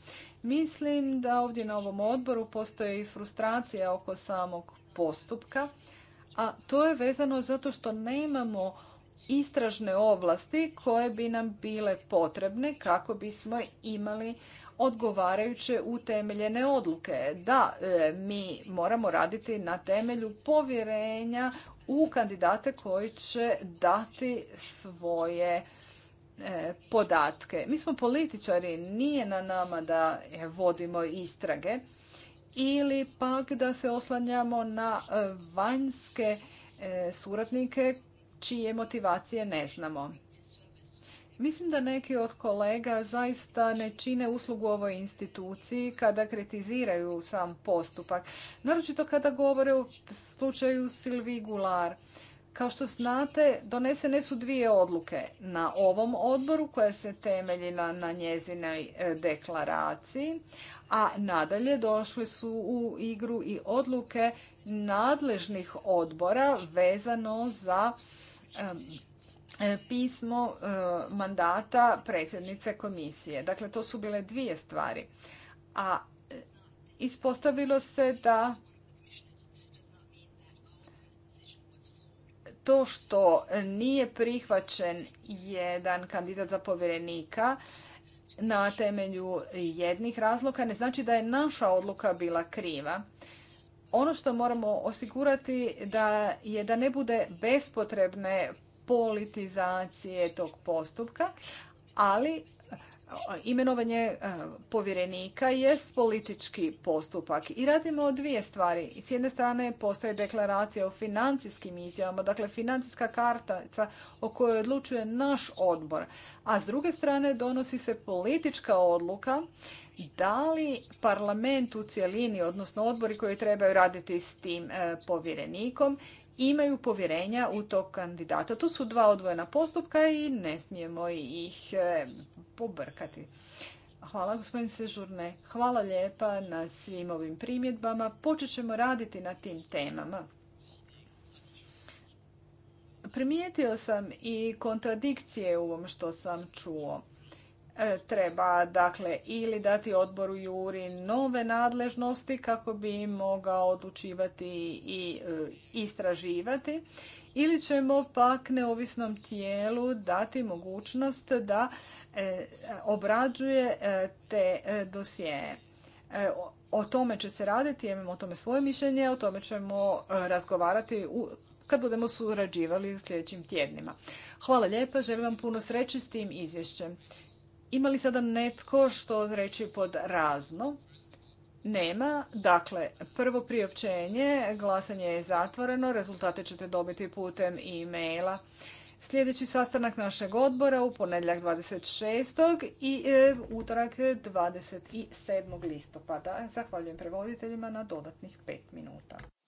Mislim da ovdje na ovom odboru postoji frustracija oko samog postupka, a to je vezano zato što nemamo istražne ovlasti koje bi nam bile potrebne kako bismo imali odgovarajuće utemeljene odluke. Da, e, mi moramo raditi na temelju povjerenja u kandidate koji će dati svoje e, podatke. Mi smo političari, nije na nama da e, vodimo istrage ili pak da se oslanjamo na e, vanjske suradnike čije motivacije ne znamo. Mislim da neki od kolega zaista ne čine uslugu ovoj instituciji kada kritiziraju sam postupak. Naročito kada govore o slučaju Silvi Gular. Kao što znate, donesene su dvije odluke na ovom odboru koja se temelji na njezinoj e, deklaraciji, a nadalje došli su u igru i odluke nadležnih odbora vezano za E, pismo e, mandata predsjednice komisije. Dakle, to su bile dvije stvari. A e, ispostavilo se da to što nije prihvaćen jedan kandidat za povjerenika na temelju jednih razloga ne znači da je naša odluka bila kriva. Ono što moramo osigurati da je da ne bude bespotrebne politizacije tog postupka, ali e, imenovanje e, povjerenika je politički postupak i radimo dvije stvari. S jedne strane postoji deklaracija o financijskim izjavama, dakle financijska karta o kojoj odlučuje naš odbor, a s druge strane donosi se politička odluka da li parlament u cjelini, odnosno odbori koji trebaju raditi s tim e, povjerenikom, imaju povjerenja u tog kandidata. To su dva odvojena postupka i ne smijemo ih e, pobrkati. Hvala gospodin Sežurne. Hvala lijepa na svim ovim primjedbama. Počet ćemo raditi na tim temama. Primijetio sam i kontradikcije u ovom što sam čuo. E, treba dakle ili dati odboru Juri nove nadležnosti kako bi mogao odlučivati i e, istraživati ili ćemo pak neovisnom tijelu dati mogućnost da e, obrađuje te dosije. O tome će se raditi, imamo o tome svoje mišljenje, o tome ćemo razgovarati kad budemo surađivali u sljedećim tjednima. Hvala lijepa, želim vam puno sreće s tim izvješćem. Ima li sada netko što reći pod razno? Nema. Dakle, prvo priopćenje, glasanje je zatvoreno, rezultate ćete dobiti putem e-maila. Sljedeći sastanak našeg odbora u ponedjeljak 26. i e, utorak 27. listopada. Zahvaljujem prevoditeljima na dodatnih 5 minuta.